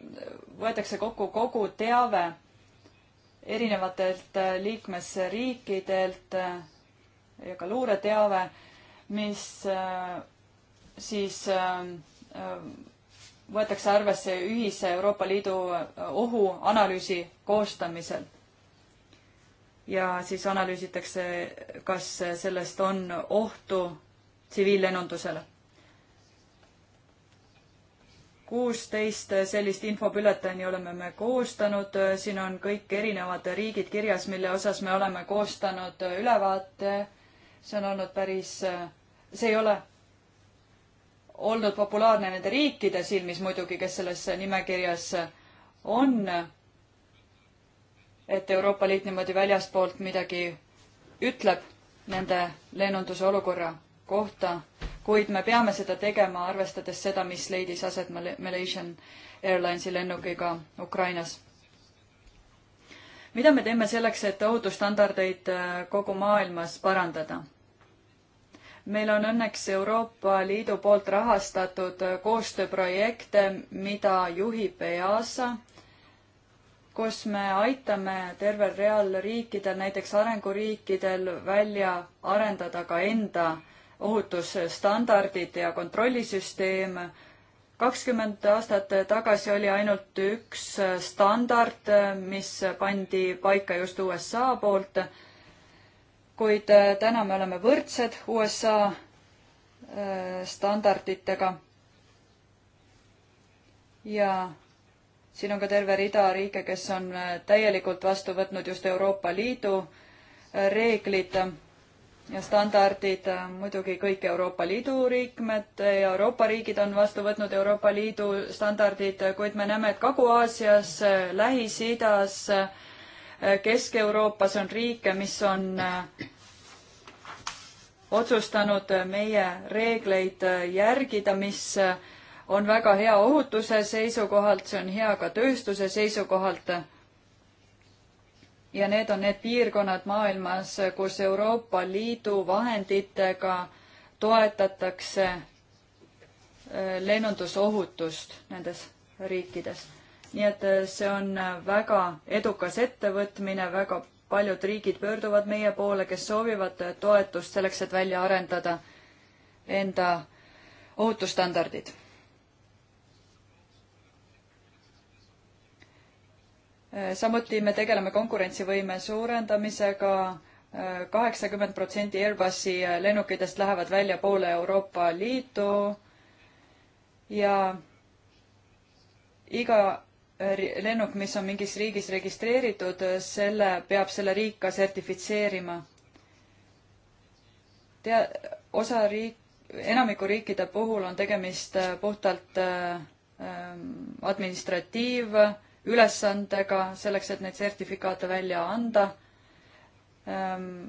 võetakse kokku kogu teave erinevatelt liikmesriikidelt ja ka luureteave, mis siis võetakse arvesse ühise Euroopa Liidu ohuanalüüsi koostamisel ja siis analüüsitakse, kas sellest on ohtu tsiviillennundusele. kuusteist sellist infobületäni oleme me koostanud, siin on kõik erinevad riigid kirjas, mille osas me oleme koostanud ülevaate. see on olnud päris, see ei ole olnud populaarne nende riikide silmis muidugi, kes selles nimekirjas on et Euroopa Liit niimoodi väljaspoolt midagi ütleb nende lennunduse olukorra kohta, kuid me peame seda tegema, arvestades seda, mis leidis aset Malaysian Airlinesi lennukiga Ukrainas. mida me teeme selleks, et ohutusstandardeid äh, kogu maailmas parandada? meil on õnneks Euroopa Liidu poolt rahastatud äh, koostööprojekte, mida juhib EASA kus me aitame tervel real riikidel, näiteks arenguriikidel välja arendada ka enda ohutusstandardid ja kontrollisüsteem. kakskümmend aastat tagasi oli ainult üks standard, mis pandi paika just USA poolt. kuid täna me oleme võrdsed USA äh, standarditega. ja siin on ka terve rida riike, kes on äh, täielikult vastu võtnud just Euroopa Liidu äh, reeglid ja standardid. Äh, muidugi kõik Euroopa Liidu liikmed ja Euroopa riigid on vastu võtnud Euroopa Liidu standardid, kuid me näeme, et Kagu-Aasias, Lähis-Idas, Kesk-Euroopas on riike, mis on otsustanud meie reegleid järgida, mis on väga hea ohutuse seisukohalt, see on hea ka tööstuse seisukohalt. ja need on need piirkonnad maailmas, kus Euroopa Liidu vahenditega toetatakse äh, lennundusohutust nendes riikides. nii et äh, see on äh, väga edukas ettevõtmine, väga paljud riigid pöörduvad meie poole, kes soovivad toetust selleks, et välja arendada enda ohutusstandardid Äh, samuti me tegeleme konkurentsivõime suurendamisega. Äh, kaheksakümmend protsenti Airbusi äh, lennukitest lähevad väljapoole Euroopa Liitu ja iga lennuk, mis on mingis riigis registreeritud, selle peab selle riik ka sertifitseerima. tea-, osa riik, enamiku riikide puhul on tegemist puhtalt äh, ähm, administratiiv äh, ülesandega selleks, et neid sertifikaate välja anda. Ehm,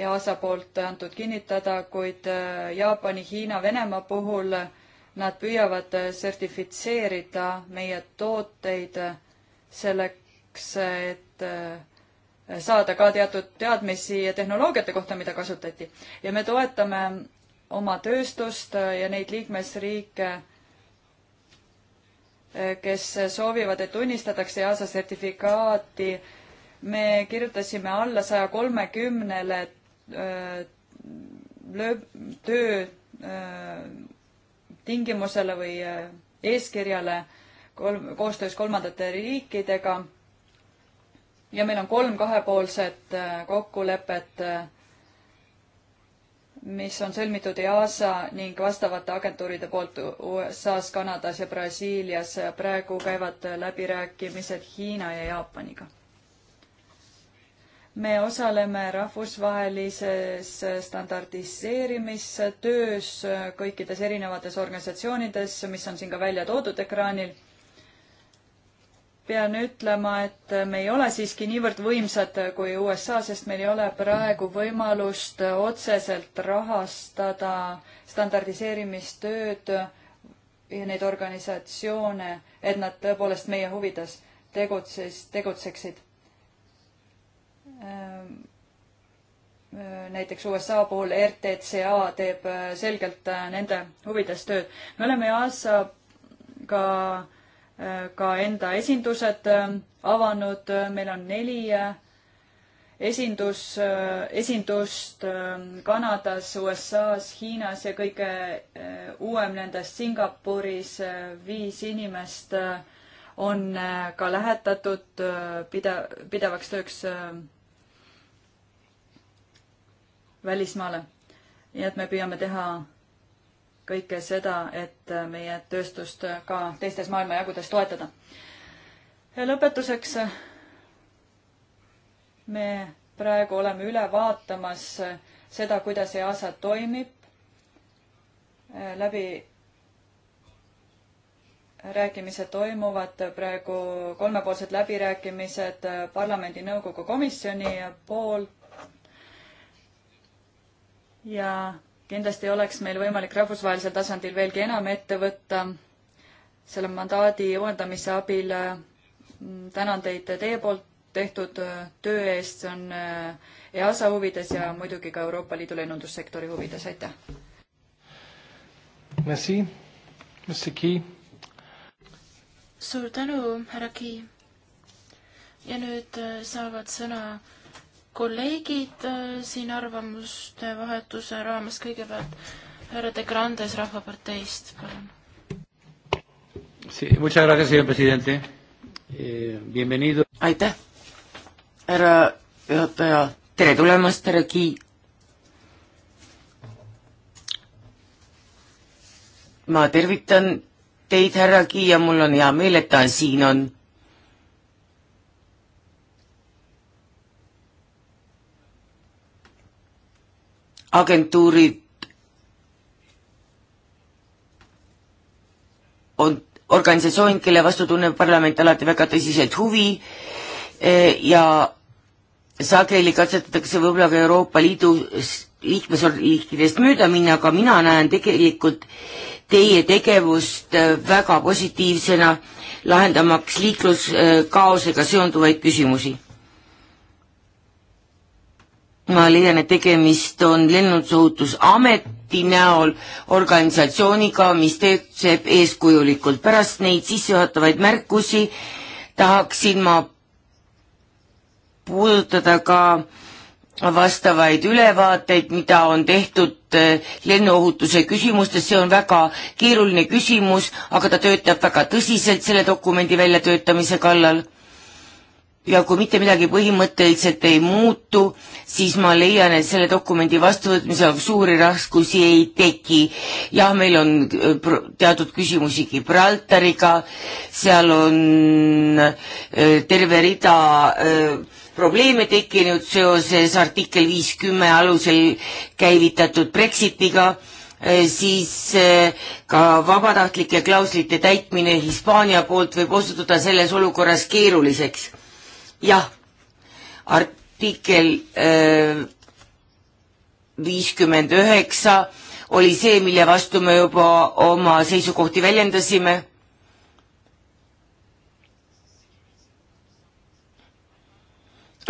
EASA poolt antud kinnitada, kuid eh, Jaapani, Hiina, Venemaa puhul nad püüavad eh, sertifitseerida meie tooteid eh, selleks, et saada ka teatud teadmisi tehnoloogiate kohta, mida kasutati. ja me toetame oma tööstust ja neid liikmesriike Eh, kes soovivad, et tunnistatakse EASA sertifikaati. me kirjutasime alla saja kolmekümnele eh, töö eh, tingimusele või eeskirjale kolm, koostöös kolmandate riikidega. ja meil on kolm kahepoolset kokkulepet mis on sõlmitud EASA ning vastavate agentuuride poolt USA-s, Kanadas ja Brasiilias. praegu käivad läbirääkimised Hiina ja Jaapaniga. me osaleme rahvusvahelises standardiseerimistöös kõikides erinevates organisatsioonides, mis on siin ka välja toodud ekraanil pean ütlema, et me ei ole siiski niivõrd võimsad kui USA, sest meil ei ole praegu võimalust otseselt rahastada standardiseerimistööd ja neid organisatsioone, et nad tõepoolest meie huvides tegutses, tegutseksid. näiteks USA puhul RTCA teeb selgelt nende huvides tööd. me oleme EASA ka ka enda esindused ähm, avanud, meil on neli äh, esindus, äh, esindust ähm, Kanadas, USA-s, Hiinas ja kõige äh, uuem nendest Singapuris, viis inimest on ka lähetatud pida-, pidevaks tööks välismaale. nii et me püüame teha kõike seda, et äh, meie tööstust äh, ka teistes maailma jagudes toetada. ja lõpetuseks äh, me praegu oleme üle vaatamas seda, kuidas EASA toimib läbi rääkimised toimuvad praegu, kolmepoolsed läbirääkimised parlamendi nõukogu komisjoni pool. ja kindlasti oleks meil võimalik rahvusvahelisel tasandil veelgi enam ette võtta selle mandaadi uuendamise abil. Mm, tänan teid teie poolt tehtud äh, töö eest, see on äh, EASA huvides ja muidugi ka Euroopa Liidu lennundussektori huvides, aitäh! Merci, Mr Key. suur tänu, härra Key. ja nüüd äh, saavad sõna kolleegid äh, siin arvamuste vahetuse raames, kõigepealt härra De Grandes Rahvaparteist, palun. Eh, aitäh, härra juhataja, tere tulemast, härra Kii. ma tervitan teid, härra Kii, ja mul on hea meel, et ta siin on agentuurid on organisatsioon, kelle vastu tunneb parlament alati väga tõsiselt huvi eh, ja sageli katsetatakse võib-olla ka Euroopa Liidu liikmesriikidest mööda minna, aga mina näen tegelikult teie tegevust eh, väga positiivsena, lahendamaks liikluskaosega seonduvaid küsimusi ma leian, et tegemist on Lennundusohutusameti näol organisatsiooniga, mis tegutseb eeskujulikult. pärast neid sissejuhatavaid märkusi tahaksin ma puudutada ka vastavaid ülevaateid, mida on tehtud eh, lennuohutuse küsimustes, see on väga keeruline küsimus, aga ta töötab väga tõsiselt selle dokumendi väljatöötamise kallal ja kui mitte midagi põhimõtteliselt ei muutu, siis ma leian, et selle dokumendi vastuvõtmisel suuri raskusi ei teki. jah, meil on äh, teatud küsimusi Gibraltariga, seal on äh, terve rida äh, probleeme tekkinud seoses artikkel viiskümmend alusel käivitatud Brexitiga siis ka vabatahtlike klauslite täitmine Hispaania poolt võib osutuda selles olukorras keeruliseks jah, artikkel äh, viiskümmend üheksa oli see, mille vastu me juba oma seisukohti väljendasime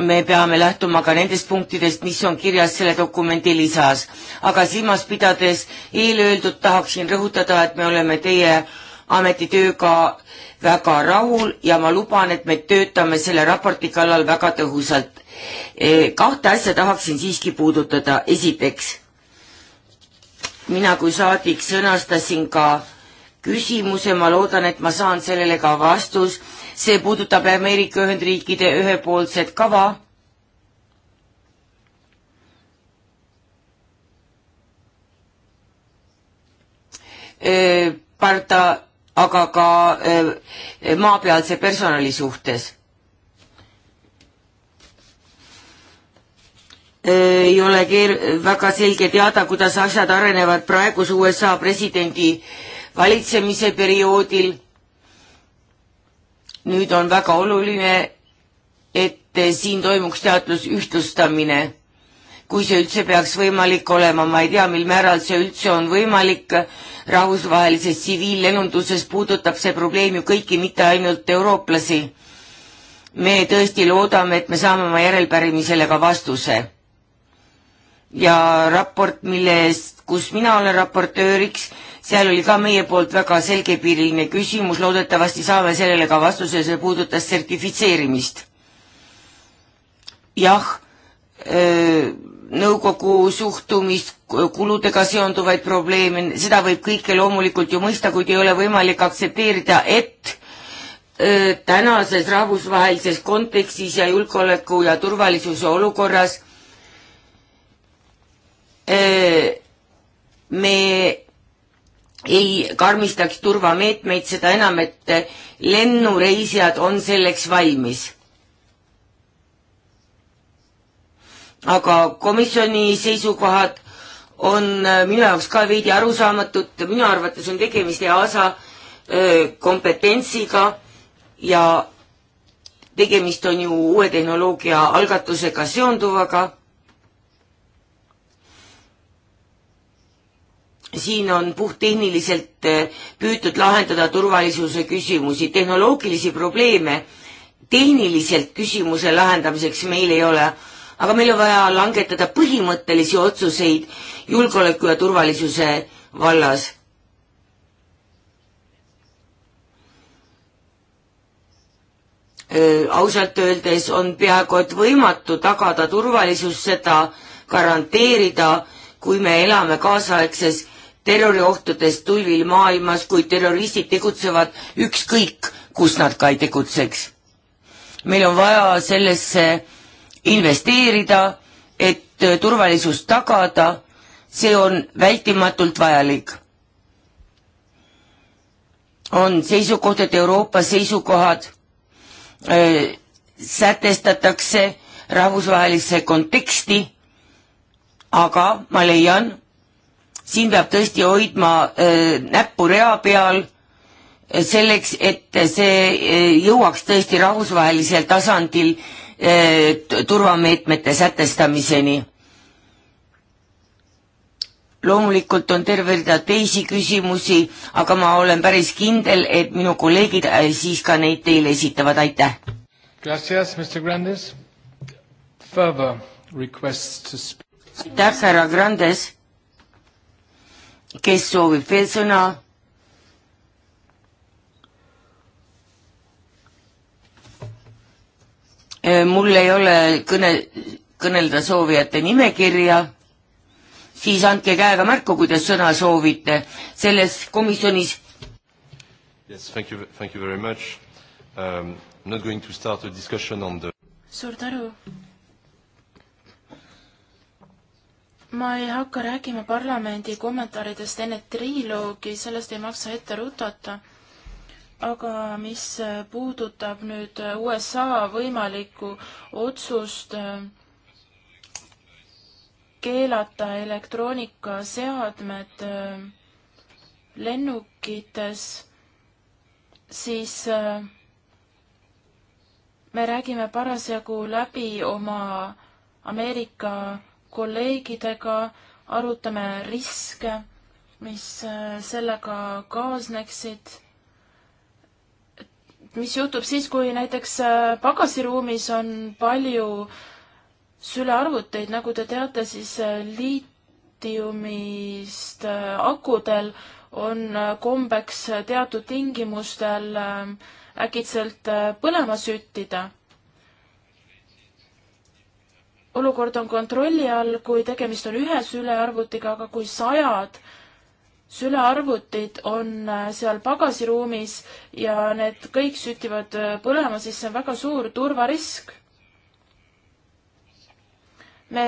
me peame lähtuma ka nendest punktidest, mis on kirjas selle dokumendi lisas. aga silmas pidades eelöeldut tahaksin rõhutada, et me oleme teie ametitööga väga rahul ja ma luban, et me töötame selle raporti kallal väga tõhusalt. Eh, kahte asja tahaksin siiski puudutada, esiteks mina kui saadik sõnastasin ka küsimuse, ma loodan, et ma saan sellele ka vastus, see puudutab Ameerika Ühendriikide ühepoolset kava. Eh, Parta aga ka äh, maapealse personali suhtes. Äh, ei ole keer-, väga selge teada, kuidas asjad arenevad praeguse USA presidendi valitsemise perioodil. nüüd on väga oluline, et äh, siin toimuks teadlus ühtlustamine kui see üldse peaks võimalik olema, ma ei tea, mil määral see üldse on võimalik, rahvusvahelises tsiviillennunduses puudutab see probleem ju kõiki, mitte ainult eurooplasi. me tõesti loodame, et me saame oma järelpärimisele ka vastuse. ja raport, millest, kus mina olen raportööriks, seal oli ka meie poolt väga selgepiiriline küsimus, loodetavasti saame sellele ka vastuse, see puudutas sertifitseerimist. jah öö, nõukogu suhtumist, kuludega seonduvaid probleeme, seda võib kõike loomulikult ju mõista, kuid ei ole võimalik aktsepteerida, et öö, tänases rahvusvahelises kontekstis ja julgeoleku ja turvalisuse olukorras öö, me ei karmistaks turvameetmeid, seda enam, et lennureisijad on selleks valmis aga komisjoni seisukohad on äh, minu jaoks ka veidi arusaamatud, minu arvates on tegemist EASA äh, kompetentsiga ja tegemist on ju uue tehnoloogia algatusega seonduvaga. siin on puhttehniliselt äh, püütud lahendada turvalisuse küsimusi, tehnoloogilisi probleeme tehniliselt küsimuse lahendamiseks meil ei ole aga meil on vaja langetada põhimõttelisi otsuseid julgeoleku ja turvalisuse vallas. ausalt öeldes on peaaegu et võimatu tagada turvalisust, seda garanteerida, kui me elame kaasaegses terroriohtudest tulvil maailmas, kui terroristid tegutsevad ükskõik, kus nad ka ei tegutseks. meil on vaja sellesse investeerida, et äh, turvalisust tagada, see on vältimatult vajalik. on seisukoht, et Euroopa seisukohad äh, sätestatakse rahvusvahelisse konteksti, aga ma leian, siin peab tõesti hoidma äh, näppu rea peal äh, selleks, et see äh, jõuaks tõesti rahvusvahelisel tasandil Eh, turvameetmete sätestamiseni. loomulikult on terve rida teisi küsimusi, aga ma olen päris kindel, et minu kolleegid eh, siis ka neid teile esitavad, aitäh. aitäh, härra Grandes, kes soovib veel sõna Äh, mul ei ole kõne, kõnelda soovijate nimekirja, siis andke käega märku, kui te sõna soovite selles komisjonis. Yes, thank you, thank you very much um,. Not going to start a discussion on the suur tänu. ma ei hakka rääkima parlamendi kommentaaridest enne triloogi, sellest ei maksa ette rutata aga mis puudutab nüüd USA võimalikku otsust äh, keelata elektroonikaseadmed äh, lennukites, siis äh, me räägime parasjagu läbi oma Ameerika kolleegidega, arutame riske, mis sellega kaasneksid mis juhtub siis, kui näiteks äh, pagasiruumis on palju sülearvuteid, nagu te teate, siis äh, liitiumist äh, akudel on kombeks teatud tingimustel äkitselt põlema süttida. olukord on kontrolli all, kui tegemist on ühe sülearvutiga, aga kui sajad äh, sülearvutid on äh, seal pagasiruumis ja need kõik sütivad äh, põlema, siis see on väga suur turvarisk. me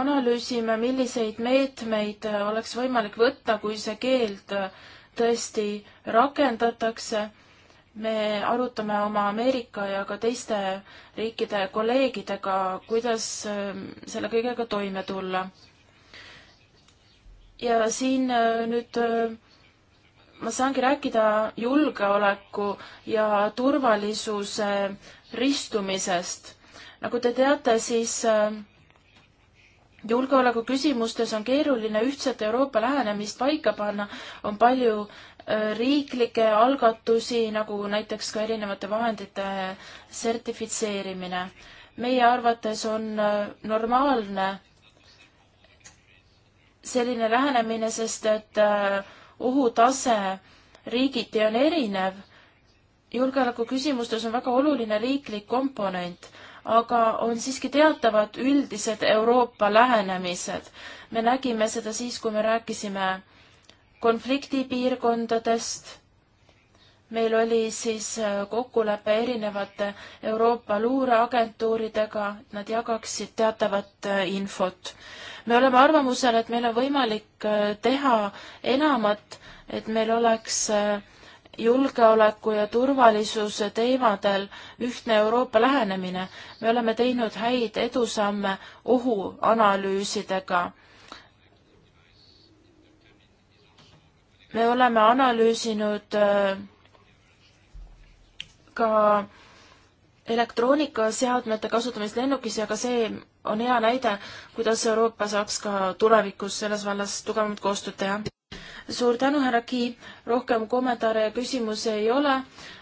analüüsime, milliseid meetmeid äh, oleks võimalik võtta, kui see keeld tõesti rakendatakse. me arutame oma Ameerika ja ka teiste riikide kolleegidega, kuidas selle kõigega toime tulla ja siin äh, nüüd äh, ma saangi rääkida julgeoleku ja turvalisuse ristumisest. nagu te teate, siis äh, julgeoleku küsimustes on keeruline ühtset Euroopa lähenemist paika panna, on palju riiklikke algatusi, nagu näiteks ka erinevate vahendite sertifitseerimine. meie arvates on normaalne selline lähenemine, sest et äh, ohutase riigiti on erinev. julgeoleku küsimustes on väga oluline riiklik komponent, aga on siiski teatavad üldised Euroopa lähenemised. me nägime seda siis, kui me rääkisime konfliktipiirkondadest meil oli siis äh, kokkulepe erinevate Euroopa luureagentuuridega, et nad jagaksid teatavat äh, infot me oleme arvamusel, et meil on võimalik äh, teha enamat, et meil oleks äh, julgeoleku ja turvalisuse teemadel ühtne Euroopa lähenemine. me oleme teinud häid edusamme ohuanalüüsidega. me oleme analüüsinud äh, ka elektroonikaseadmete kasutamist lennukis ja ka see on hea näide, kuidas Euroopa saaks ka tulevikus selles vallas tugevamat koostööd teha. suur tänu, härra Kii, rohkem kommentaare ja küsimusi ei ole.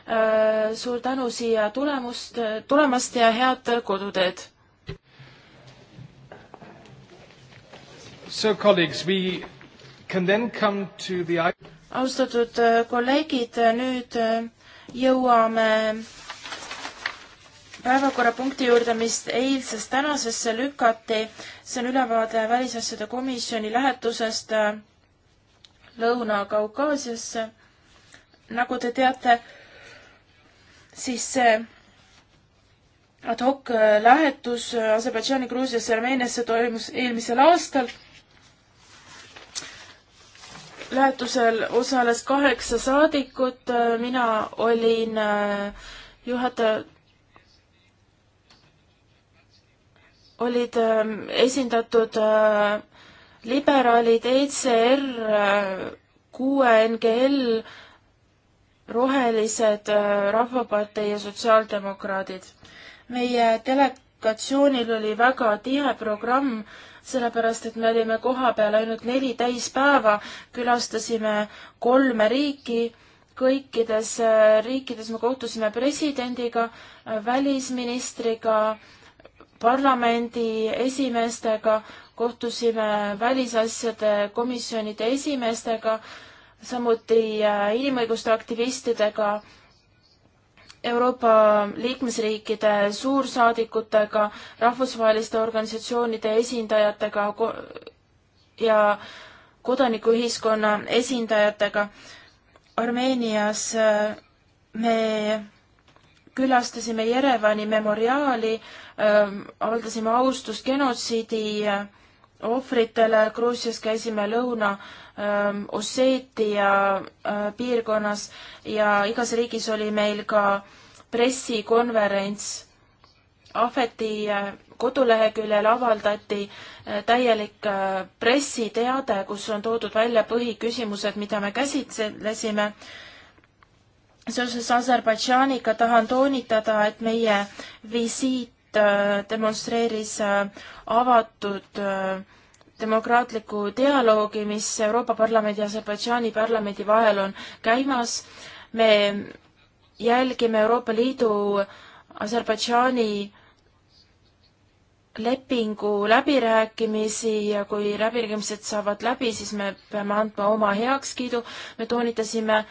Äh, suur tänu siia tulemust, äh, tulemast ja head koduteed. So colleagues, we can then come to the austatud äh, kolleegid, nüüd jõuame päevakorrapunkti juurde, mis eilsest tänasesse lükati. see on ülevaade Välisasjade Komisjoni lähetusest äh, Lõuna-Kaukaasiasse. nagu te teate, siis see ad hoc äh, lähetus äh, Aserbaidžaani, Gruusiasse, Armeeniasse toimus eelmisel aastal. lähetusel osales kaheksa saadikut, mina olin juhataja olid ähm, esindatud äh, liberaalid, ECR, äh, kuue NGL, rohelised, äh, Rahvapartei ja sotsiaaldemokraadid. meie delegatsioonil oli väga tihe programm, sellepärast et me olime kohapeal ainult neli täispäeva, külastasime kolme riiki, kõikides riikides me kohtusime presidendiga, välisministriga, parlamendi esimeestega, kohtusime välisasjade komisjonide esimeestega, samuti äh, inimõiguste aktivistidega, Euroopa liikmesriikide suursaadikutega, rahvusvaheliste organisatsioonide esindajatega ja kodanikuühiskonna esindajatega. Armeenias äh, me külastasime Jerevani memoriaali, ähm, avaldasime austust genotsiidi äh, ohvritele, Gruusias käisime lõuna ähm, Osseetia äh, piirkonnas ja igas riigis oli meil ka pressikonverents. Ahveti äh, koduleheküljel avaldati täielik pressiteade, kus on toodud välja põhiküsimused, mida me käsitlesime seoses Aserbaidžaaniga tahan toonitada, et meie visiit äh, demonstreeris äh, avatud äh, demokraatlikku dialoogi, mis Euroopa Parlamendi ja Aserbaidžaani parlamendi vahel on käimas. me jälgime Euroopa Liidu Aserbaidžaani lepingu läbirääkimisi ja kui läbirääkimised saavad läbi, siis me peame andma oma heakskiidu. me toonitasime äh,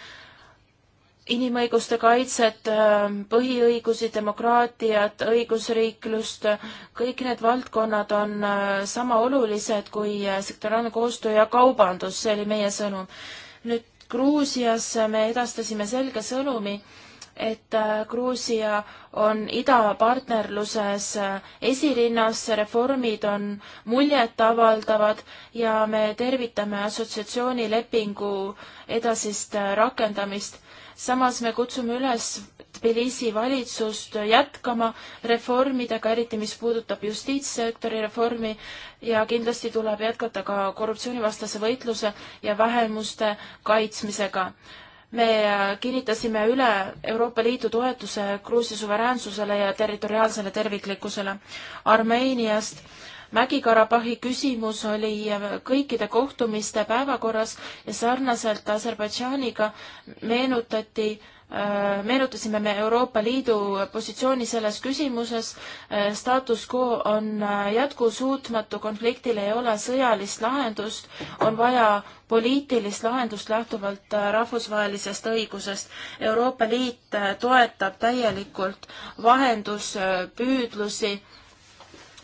inimõiguste kaitset, ähm, põhiõigusi, demokraatiat, õigusriiklust, kõik need valdkonnad on äh, sama olulised kui äh, sektoraalne koostöö ja kaubandus, see oli meie sõnum. nüüd Gruusias me edastasime selge sõnumi, et äh, Gruusia on idapartnerluses esirinnas, reformid on muljetavaldavad ja me tervitame assotsiatsioonilepingu edasist rakendamist samas me kutsume üles Tbilisi valitsust jätkama reformidega, eriti mis puudutab justiitssektori reformi ja kindlasti tuleb jätkata ka korruptsioonivastase võitluse ja vähemuste kaitsmisega. me kinnitasime üle Euroopa Liidu toetuse Gruusia suveräänsusele ja territoriaalsele terviklikkusele. Armeeniast Mägi-Karabahhi küsimus oli kõikide kohtumiste päevakorras ja sarnaselt Aserbaidžaaniga meenutati äh, meenutasime me Euroopa Liidu positsiooni selles küsimuses. Äh, status quo on äh, jätkusuutmatu, konfliktil ei ole sõjalist lahendust, on vaja poliitilist lahendust lähtuvalt rahvusvahelisest õigusest. Euroopa Liit toetab täielikult vahenduspüüdlusi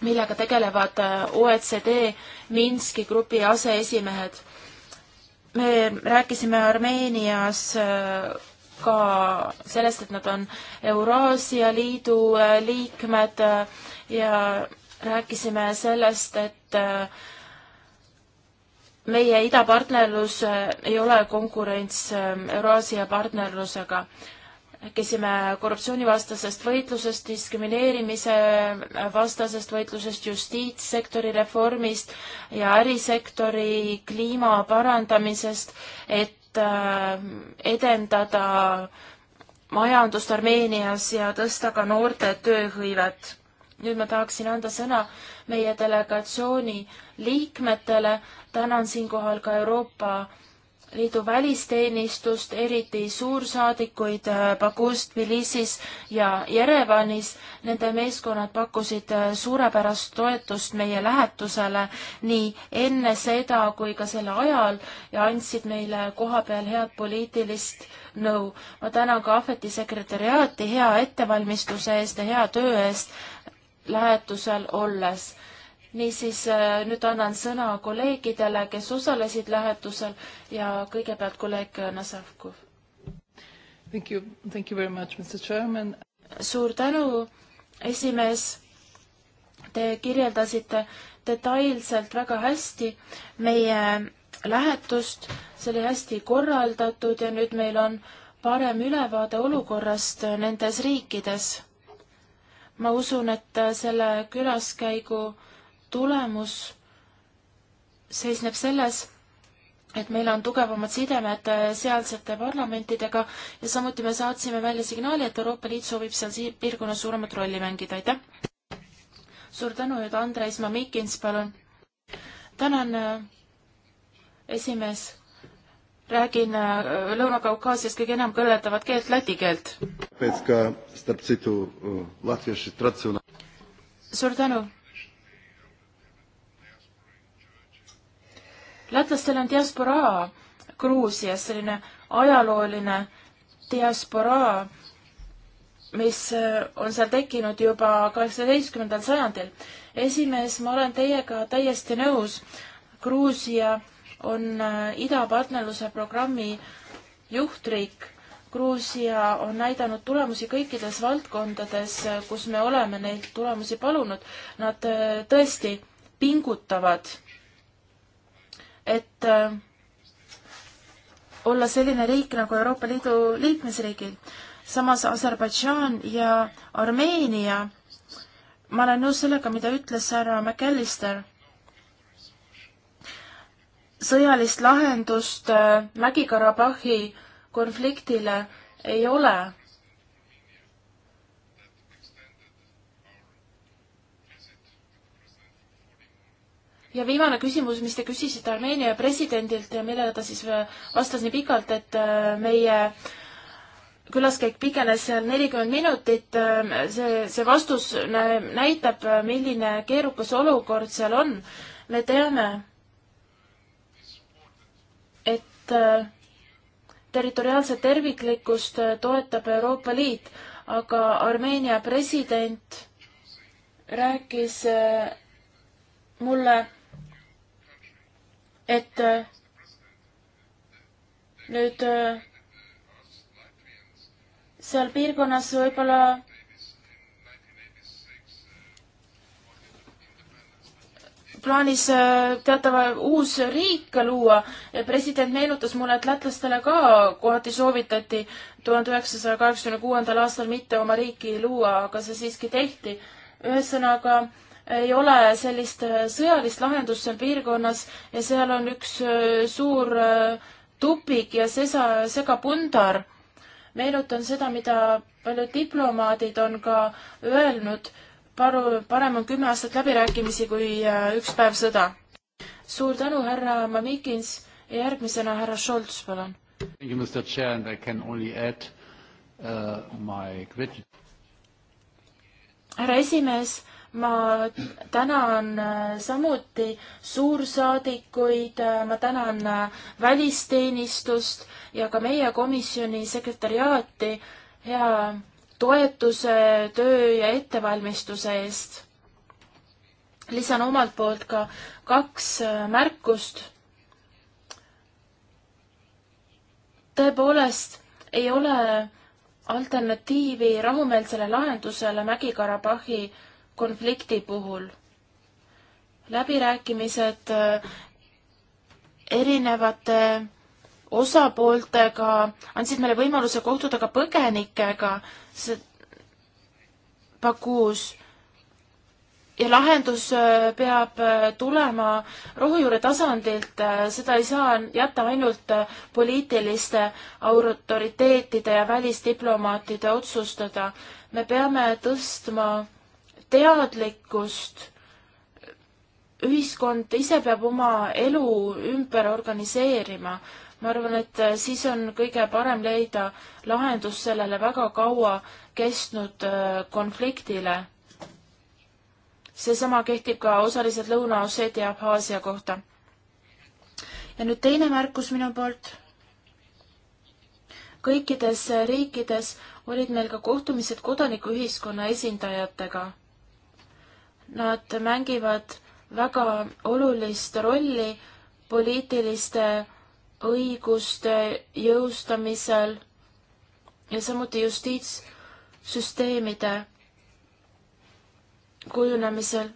millega tegelevad äh, OECD Minski grupi aseesimehed. me rääkisime Armeenias äh, ka sellest, et nad on Euraasia Liidu äh, liikmed ja rääkisime sellest, et meie idapartnerlus ei ole konkurents Euraasia partnerlusega rääkisime korruptsioonivastasest võitlusest, diskrimineerimise vastasest võitlusest, justiitssektori reformist ja ärisektori kliima parandamisest, et äh, edendada majandust Armeenias ja tõsta ka noorte tööhõivet. nüüd ma tahaksin anda sõna meie delegatsiooni liikmetele, tänan siinkohal ka Euroopa Liidu välisteenistust, eriti suursaadikuid äh, Bagus, Tbilisis ja Jerevanis. Nende meeskonnad pakkusid äh, suurepärast toetust meie lähetusele nii enne seda kui ka selle ajal ja andsid meile kohapeal head poliitilist nõu. ma tänan ka Ahveti sekretäriaati hea ettevalmistuse eest ja hea töö eest lähetusel olles niisiis äh, nüüd annan sõna kolleegidele, kes osalesid lähetusel ja kõigepealt kolleeg Nasavkov. Thank you, thank you very much, Mr Chairman. suur tänu, esimees. Te kirjeldasite detailselt väga hästi meie lähetust, see oli hästi korraldatud ja nüüd meil on parem ülevaade olukorrast nendes riikides. ma usun, et selle külaskäigu tulemus seisneb selles, et meil on tugevamad sidemed äh, sealsete parlamentidega ja samuti me saatsime välja signaali, et Euroopa Liit soovib seal piirkonnas suuremat rolli mängida, aitäh! suur tänu nüüd, Andres Mamikins, palun! tänan, äh, esimees! räägin äh, Lõuna-Kaukaasias kõige enam kõneletavat keelt, läti keelt. suur tänu! lätlastel on diasporaa Gruusias, selline ajalooline diasporaa, mis äh, on seal tekkinud juba kaheksateistkümnendal sajandil. esimees, ma olen teiega täiesti nõus. Gruusia on äh, idapartnerluse programmi juhtriik. Gruusia on näidanud tulemusi kõikides valdkondades, kus me oleme neid tulemusi palunud. Nad äh, tõesti pingutavad et äh, olla selline riik nagu Euroopa Liidu liikmesriigid. samas Aserbaidžaan ja Armeenia, ma olen nõus sellega, mida ütles härra McAllister. sõjalist lahendust äh, Mägi-Karabahhi konfliktile ei ole ja viimane küsimus, mis te küsisite Armeenia presidendilt ja millele ta siis äh, vastas nii pikalt, et äh, meie külaskäik pikenes seal nelikümmend minutit, äh, see, see vastus näitab, milline keerukas olukord seal on. me teame, et territoriaalset terviklikkust toetab Euroopa Liit, aga Armeenia president rääkis mulle et äh, nüüd äh, seal piirkonnas võib-olla plaanis äh, teatava uus riik luua. president meenutas mulle, et lätlastele ka kohati soovitati tuhande üheksasaja kaheksakümne kuuendal aastal mitte oma riiki luua, aga see siiski tehti. ühesõnaga äh, ei ole sellist äh, sõjalist lahendust seal piirkonnas ja seal on üks äh, suur äh, tupik ja sesa, segapundar. meenutan seda, mida paljud diplomaadid on ka öelnud, paru, parem on kümme aastat läbirääkimisi kui üks päev sõda. suur tänu, härra Mamikins ja järgmisena härra Scholz, palun. Thank you, Mr Chair and I can only add uh, my gratitude. härra esimees ma tänan äh, samuti suursaadikuid, äh, ma tänan äh, välisteenistust ja ka meie komisjoni sekretäriaati hea toetuse, töö ja ettevalmistuse eest. lisan omalt poolt ka kaks märkust. tõepoolest ei ole alternatiivi rahumeelsele lahendusele Mägi-Karabahhi konflikti puhul. läbirääkimised äh, erinevate osapooltega andsid meile võimaluse kohtuda ka põgenikega Bakuus ja lahendus äh, peab äh, tulema rohujuure tasandilt, seda ei saa jätta ainult poliitiliste autoriteetide ja välisdiplomaatide otsustada. me peame tõstma teadlikkust. ühiskond ise peab oma elu ümber organiseerima. ma arvan, et äh, siis on kõige parem leida lahendus sellele väga kaua kestnud äh, konfliktile. seesama kehtib ka osaliselt Lõuna-Osseetia Abhaasia kohta. ja nüüd teine märkus minu poolt kõikides äh, riikides olid meil ka kohtumised kodanikuühiskonna esindajatega. Nad mängivad väga olulist rolli poliitiliste õiguste jõustamisel ja samuti justiitssüsteemide kujunemisel.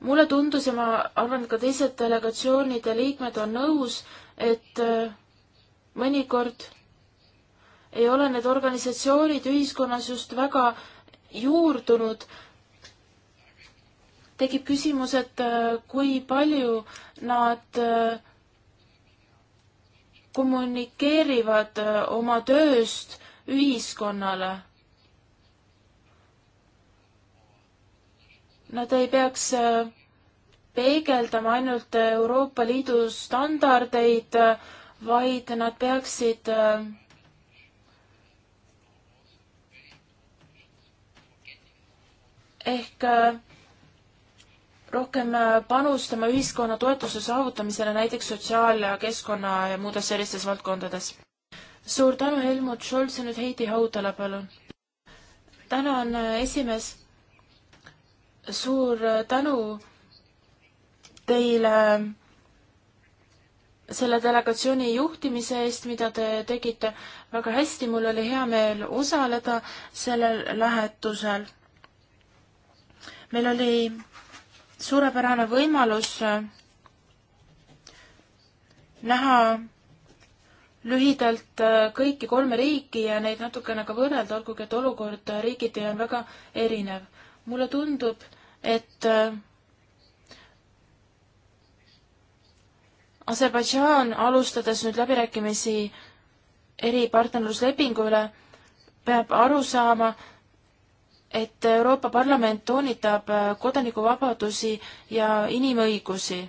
mulle tundus ja ma arvan, et ka teised delegatsioonide liikmed on nõus, et äh, mõnikord ei ole need organisatsioonid ühiskonnas just väga juurdunud tekib küsimus, et äh, kui palju nad äh, kommunikeerivad äh, oma tööst ühiskonnale. Nad ei peaks peegeldama ainult Euroopa Liidu standardeid, vaid nad peaksid ehk rohkem äh, panustama ühiskonna toetuse saavutamisele näiteks sotsiaal- ja keskkonna ja muudes sellistes valdkondades. suur tänu, Helmut Scholz ja nüüd Heidi Haudala, palun. tänan, äh, esimees. suur äh, tänu teile selle delegatsiooni juhtimise eest, mida te tegite väga hästi, mul oli hea meel osaleda sellel lähetusel. meil oli suurepärane võimalus äh, näha lühidalt äh, kõiki kolme riiki ja neid natukene ka võrrelda, olgugi et olukord äh, riigiti on väga erinev. mulle tundub, et Aserbaidžaan, alustades nüüd läbirääkimisi eripartnerluslepingu üle, peab aru saama, et Euroopa Parlament toonitab äh, kodanikuvabadusi ja inimõigusi.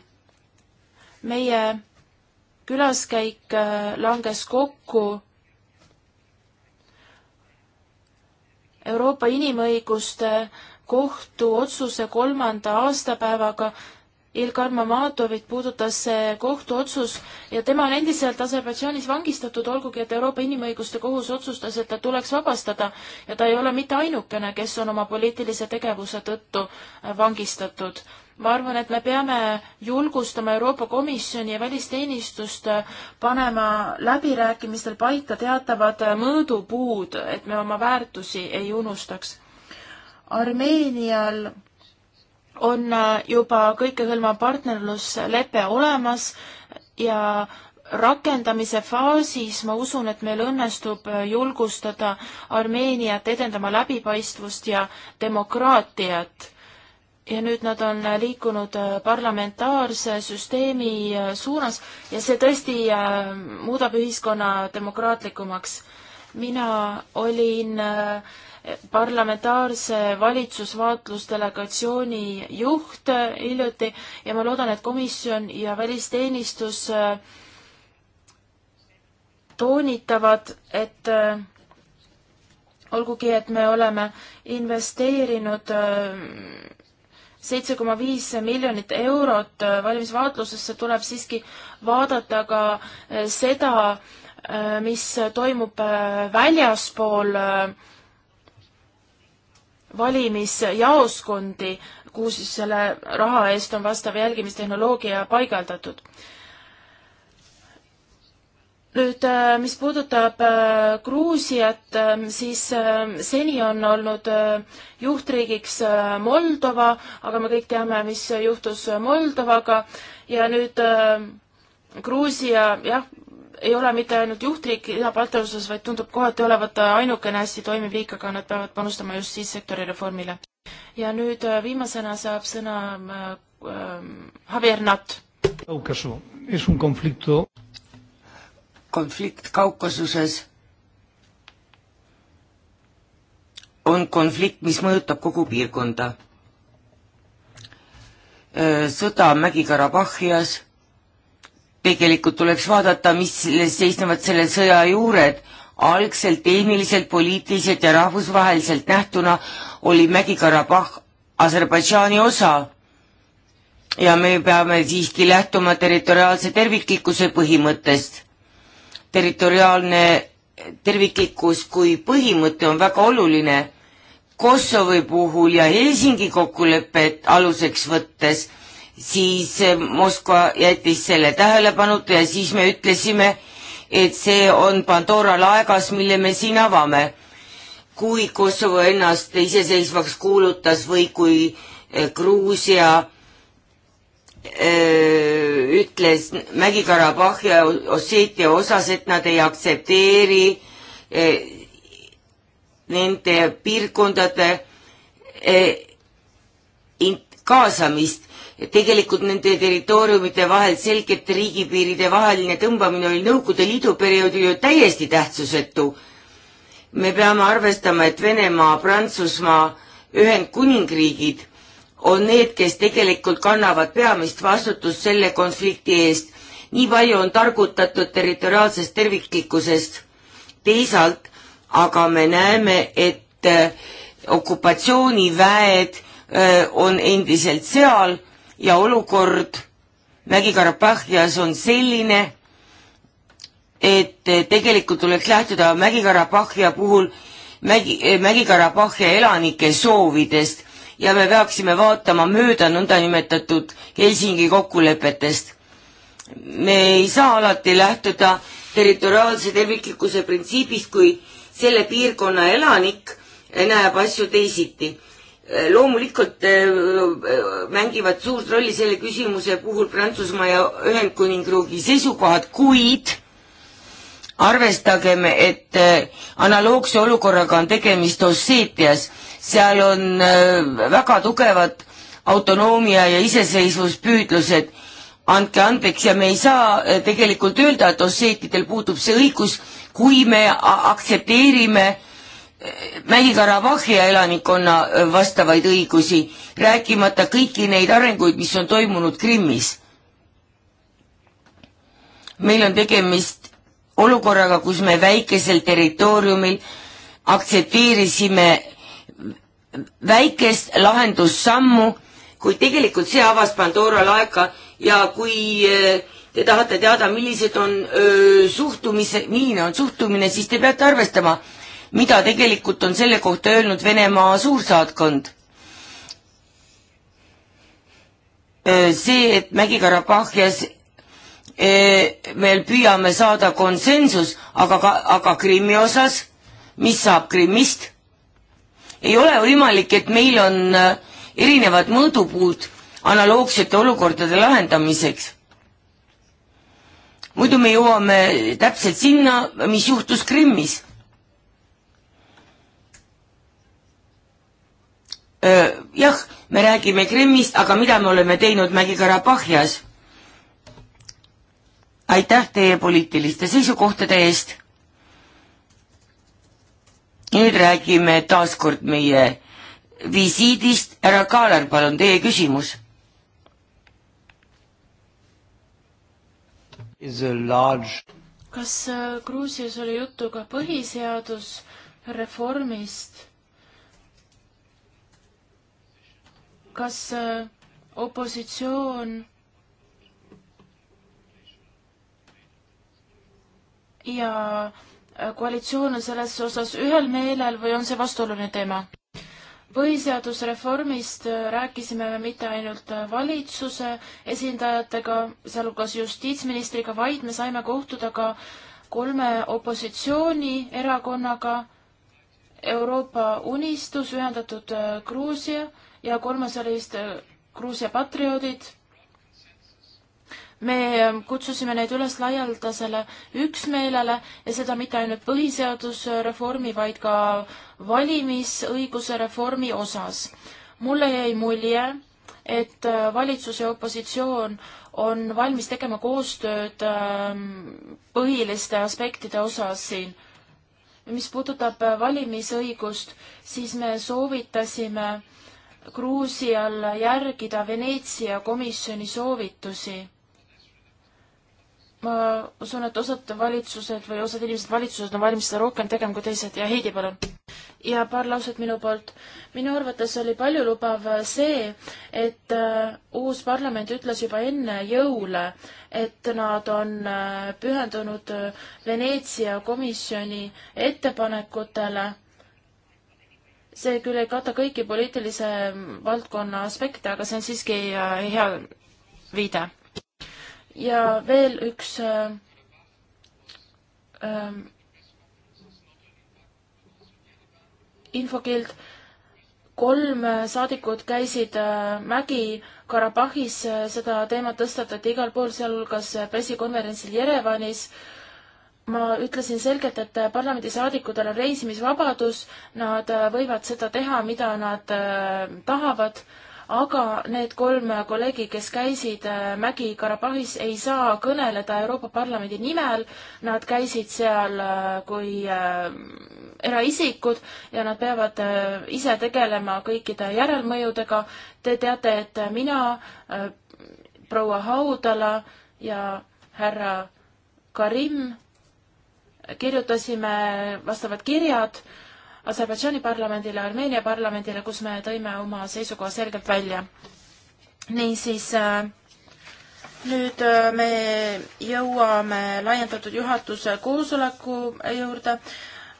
meie külaskäik äh, langes kokku Euroopa Inimõiguste Kohtu otsuse kolmanda aastapäevaga Ilkar Mamatovit puudutas see kohtuotsus ja tema on endiselt Aserbaidžaanis vangistatud, olgugi et Euroopa Inimõiguste Kohus otsustas, et ta tuleks vabastada ja ta ei ole mitte ainukene, kes on oma poliitilise tegevuse tõttu äh, vangistatud. ma arvan, et me peame julgustama Euroopa Komisjoni ja välisteenistust äh, panema läbirääkimistel paika teatavad äh, mõõdupuud, et me oma väärtusi ei unustaks. Armeenial on äh, juba kõikehõlmav partnerluslepe olemas ja rakendamise faasis ma usun, et meil õnnestub äh, julgustada Armeeniat edendama läbipaistvust ja demokraatiat. ja nüüd nad on äh, liikunud parlamentaarse süsteemi suunas ja see tõesti muudab ühiskonna demokraatlikumaks. mina olin äh, parlamentaarse valitsusvaatlusdelegatsiooni juht hiljuti ja ma loodan, et komisjon ja välisteenistus äh, toonitavad, et äh, olgugi, et me oleme investeerinud äh, seitse koma viis miljonit eurot valimisvaatlusesse, tuleb siiski vaadata ka seda, mis toimub väljaspool äh, valimisjaoskondi, kuhu siis selle raha eest on vastav jälgimistehnoloogia paigaldatud. nüüd, äh, mis puudutab äh, Gruusiat, äh, siis seni on olnud juhtriigiks Moldova, aga me kõik teame, mis juhtus Moldovaga ja nüüd Gruusia jah, ei ole mitte ainult juhtriik idapartnerluses, vaid tundub kohati olevat ainukene hästi toimiv riik, aga nad peavad panustama just siis sektori reformile. ja nüüd äh, viimasena saab sõna äh, äh Javier Nat. konflikt Kaukasuses on konflikt, mis mõjutab kogu piirkonda. Äh, sõda Mägi-Karabahhias tegelikult tuleks vaadata, mis seisnevad selle sõja juured. algselt tehniliselt, poliitiliselt ja rahvusvaheliselt nähtuna oli Mägi-Karabahh Aserbaidžaani osa. ja me peame siiski lähtuma territoriaalse terviklikkuse põhimõttest. territoriaalne terviklikkus kui põhimõte on väga oluline Kosovo puhul ja Helsingi kokkulepet aluseks võttes siis eh, Moskva jättis selle tähelepanuta ja siis me ütlesime, et see on Pandora laegas, mille me siin avame. kui Kosovo ennast iseseisvaks kuulutas või kui eh, Gruusia öö, eh, ütles Mägi-Karabahh ja Osseetia osas, et nad ei aktsepteeri öö, nende piirkondade öö, kaasamist tegelikult nende territooriumite vahel selgete riigipiiride vaheline tõmbamine oli Nõukogude Liidu perioodil ju täiesti tähtsusetu. me peame arvestama, et Venemaa, Prantsusmaa, Ühendkuningriigid on need, kes tegelikult kannavad peamist vastutust selle konflikti eest. nii palju on targutatud territoriaalsest terviklikkusest. teisalt aga me näeme, et eh, okupatsiooniväed eh, on endiselt seal ja olukord Mägi-Karabahhias on selline, et eh, tegelikult tuleks lähtuda Mägi-Karabahhia puhul Mägi, eh, Mägi-Karabahhia elanike soovidest ja me peaksime vaatama mööda nõndanimetatud Helsingi kokkulepetest. me ei saa alati lähtuda territoriaalse terviklikkuse printsiibist, kui selle piirkonna elanik näeb asju teisiti. Äh, loomulikult äh, äh, mängivad suurt rolli selle küsimuse puhul Prantsusmaa ja Ühendkuningriigi seisukohad, kuid arvestagem, et analoogse olukorraga on tegemist Osseetias, seal on väga tugevad autonoomia ja iseseisvuspüüdlused. andke andeks ja me ei saa tegelikult öelda, et osseetidel puudub see õigus, kui me aktsepteerime Mägi-Karabahhi elanikkonna äh, vastavaid õigusi, rääkimata kõiki neid arenguid, mis on toimunud Krimmis. meil on tegemist olukorraga, kus me väikesel territooriumil aktsepteerisime väikest lahendussammu, kuid tegelikult see avas Pandora laeka ja kui äh, te tahate teada, millised on öö, suhtumise, milline on suhtumine, siis te peate arvestama, mida tegelikult on selle kohta öelnud Venemaa suursaatkond. Äh, see, et Mägi-Karabahhias äh, me püüame saada konsensus, aga ka, aga Krimmi osas, mis saab Krimmist, ei ole võimalik, et meil on äh, erinevad mõõdupuud analoogsete olukordade lahendamiseks muidu me jõuame täpselt sinna, mis juhtus Krimmis. jah, me räägime Krimmist, aga mida me oleme teinud Mägi-Karabahhias? aitäh teie poliitiliste seisukohtade eest. nüüd räägime taas kord meie visiidist. härra Kaaler, palun teie küsimus. Large... kas äh, Gruusias oli juttu ka põhiseadusreformist? kas äh, opositsioon ja äh, koalitsioon on selles osas ühel meelel või on see vastuoluline teema? põhiseadusreformist äh, rääkisime me mitte ainult valitsuse esindajatega, sealhulgas justiitsministriga, vaid me saime kohtuda ka kolme opositsioonierakonnaga, Euroopa Unistus, Ühendatud Gruusia äh, ja kolmas oli vist äh, Gruusia patrioodid. me ähm, kutsusime neid üles laialdasele üksmeelele ja seda mitte ainult põhiseadusreformi, vaid ka valimisõiguse reformi osas. mulle jäi mulje, et äh, valitsus ja opositsioon on valmis tegema koostööd ähm, põhiliste aspektide osas siin mis puudutab äh, valimisõigust, siis me soovitasime Gruusial järgida Veneetsia komisjoni soovitusi. ma usun, et osad valitsused või osad inimesed valitsuses on valmis seda rohkem tegema kui teised ja Heidi, palun. ja paar lauset minu poolt. minu arvates oli paljulubav see, et äh, uus parlament ütles juba enne jõule, et nad on äh, pühendunud äh, Veneetsia komisjoni ettepanekutele see küll ei kata kõiki poliitilise valdkonna aspekte, aga see on siiski äh, hea viide. ja veel üks äh, äh, infokild kolm äh, saadikut käisid äh, Mägi-Karabahhis, seda teemat tõstatati igal pool, sealhulgas pressikonverentsil Jerevanis ma ütlesin selgelt, et parlamendisaadikutel on reisimisvabadus, nad äh, võivad seda teha, mida nad äh, tahavad, aga need kolm kolleegi, kes käisid äh, Mägi-Karabahhis, ei saa kõneleda Euroopa Parlamendi nimel, nad käisid seal kui eraisikud ja nad peavad ise tegelema kõikide järelmõjudega. Te teate, et mina, proua Haudala ja härra Karim kirjutasime vastavad kirjad Aserbaidžaani parlamendile, Armeenia parlamendile, kus me tõime oma seisukoha selgelt välja. niisiis äh, nüüd äh, me jõuame laiendatud juhatuse koosoleku juurde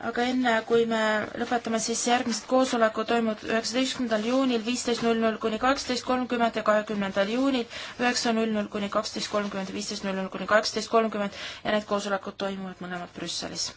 aga enne, kui me lõpetame siis järgmist koosoleku, toimub üheksateistkümnendal juunil viisteist null null kuni kaksteist kolmkümmend ja kahekümnendal juunil üheksa null null kuni kaksteist kolmkümmend ja viisteist null null kuni kaksteist kolmkümmend ja need koosolekud toimuvad mõlemad Brüsselis.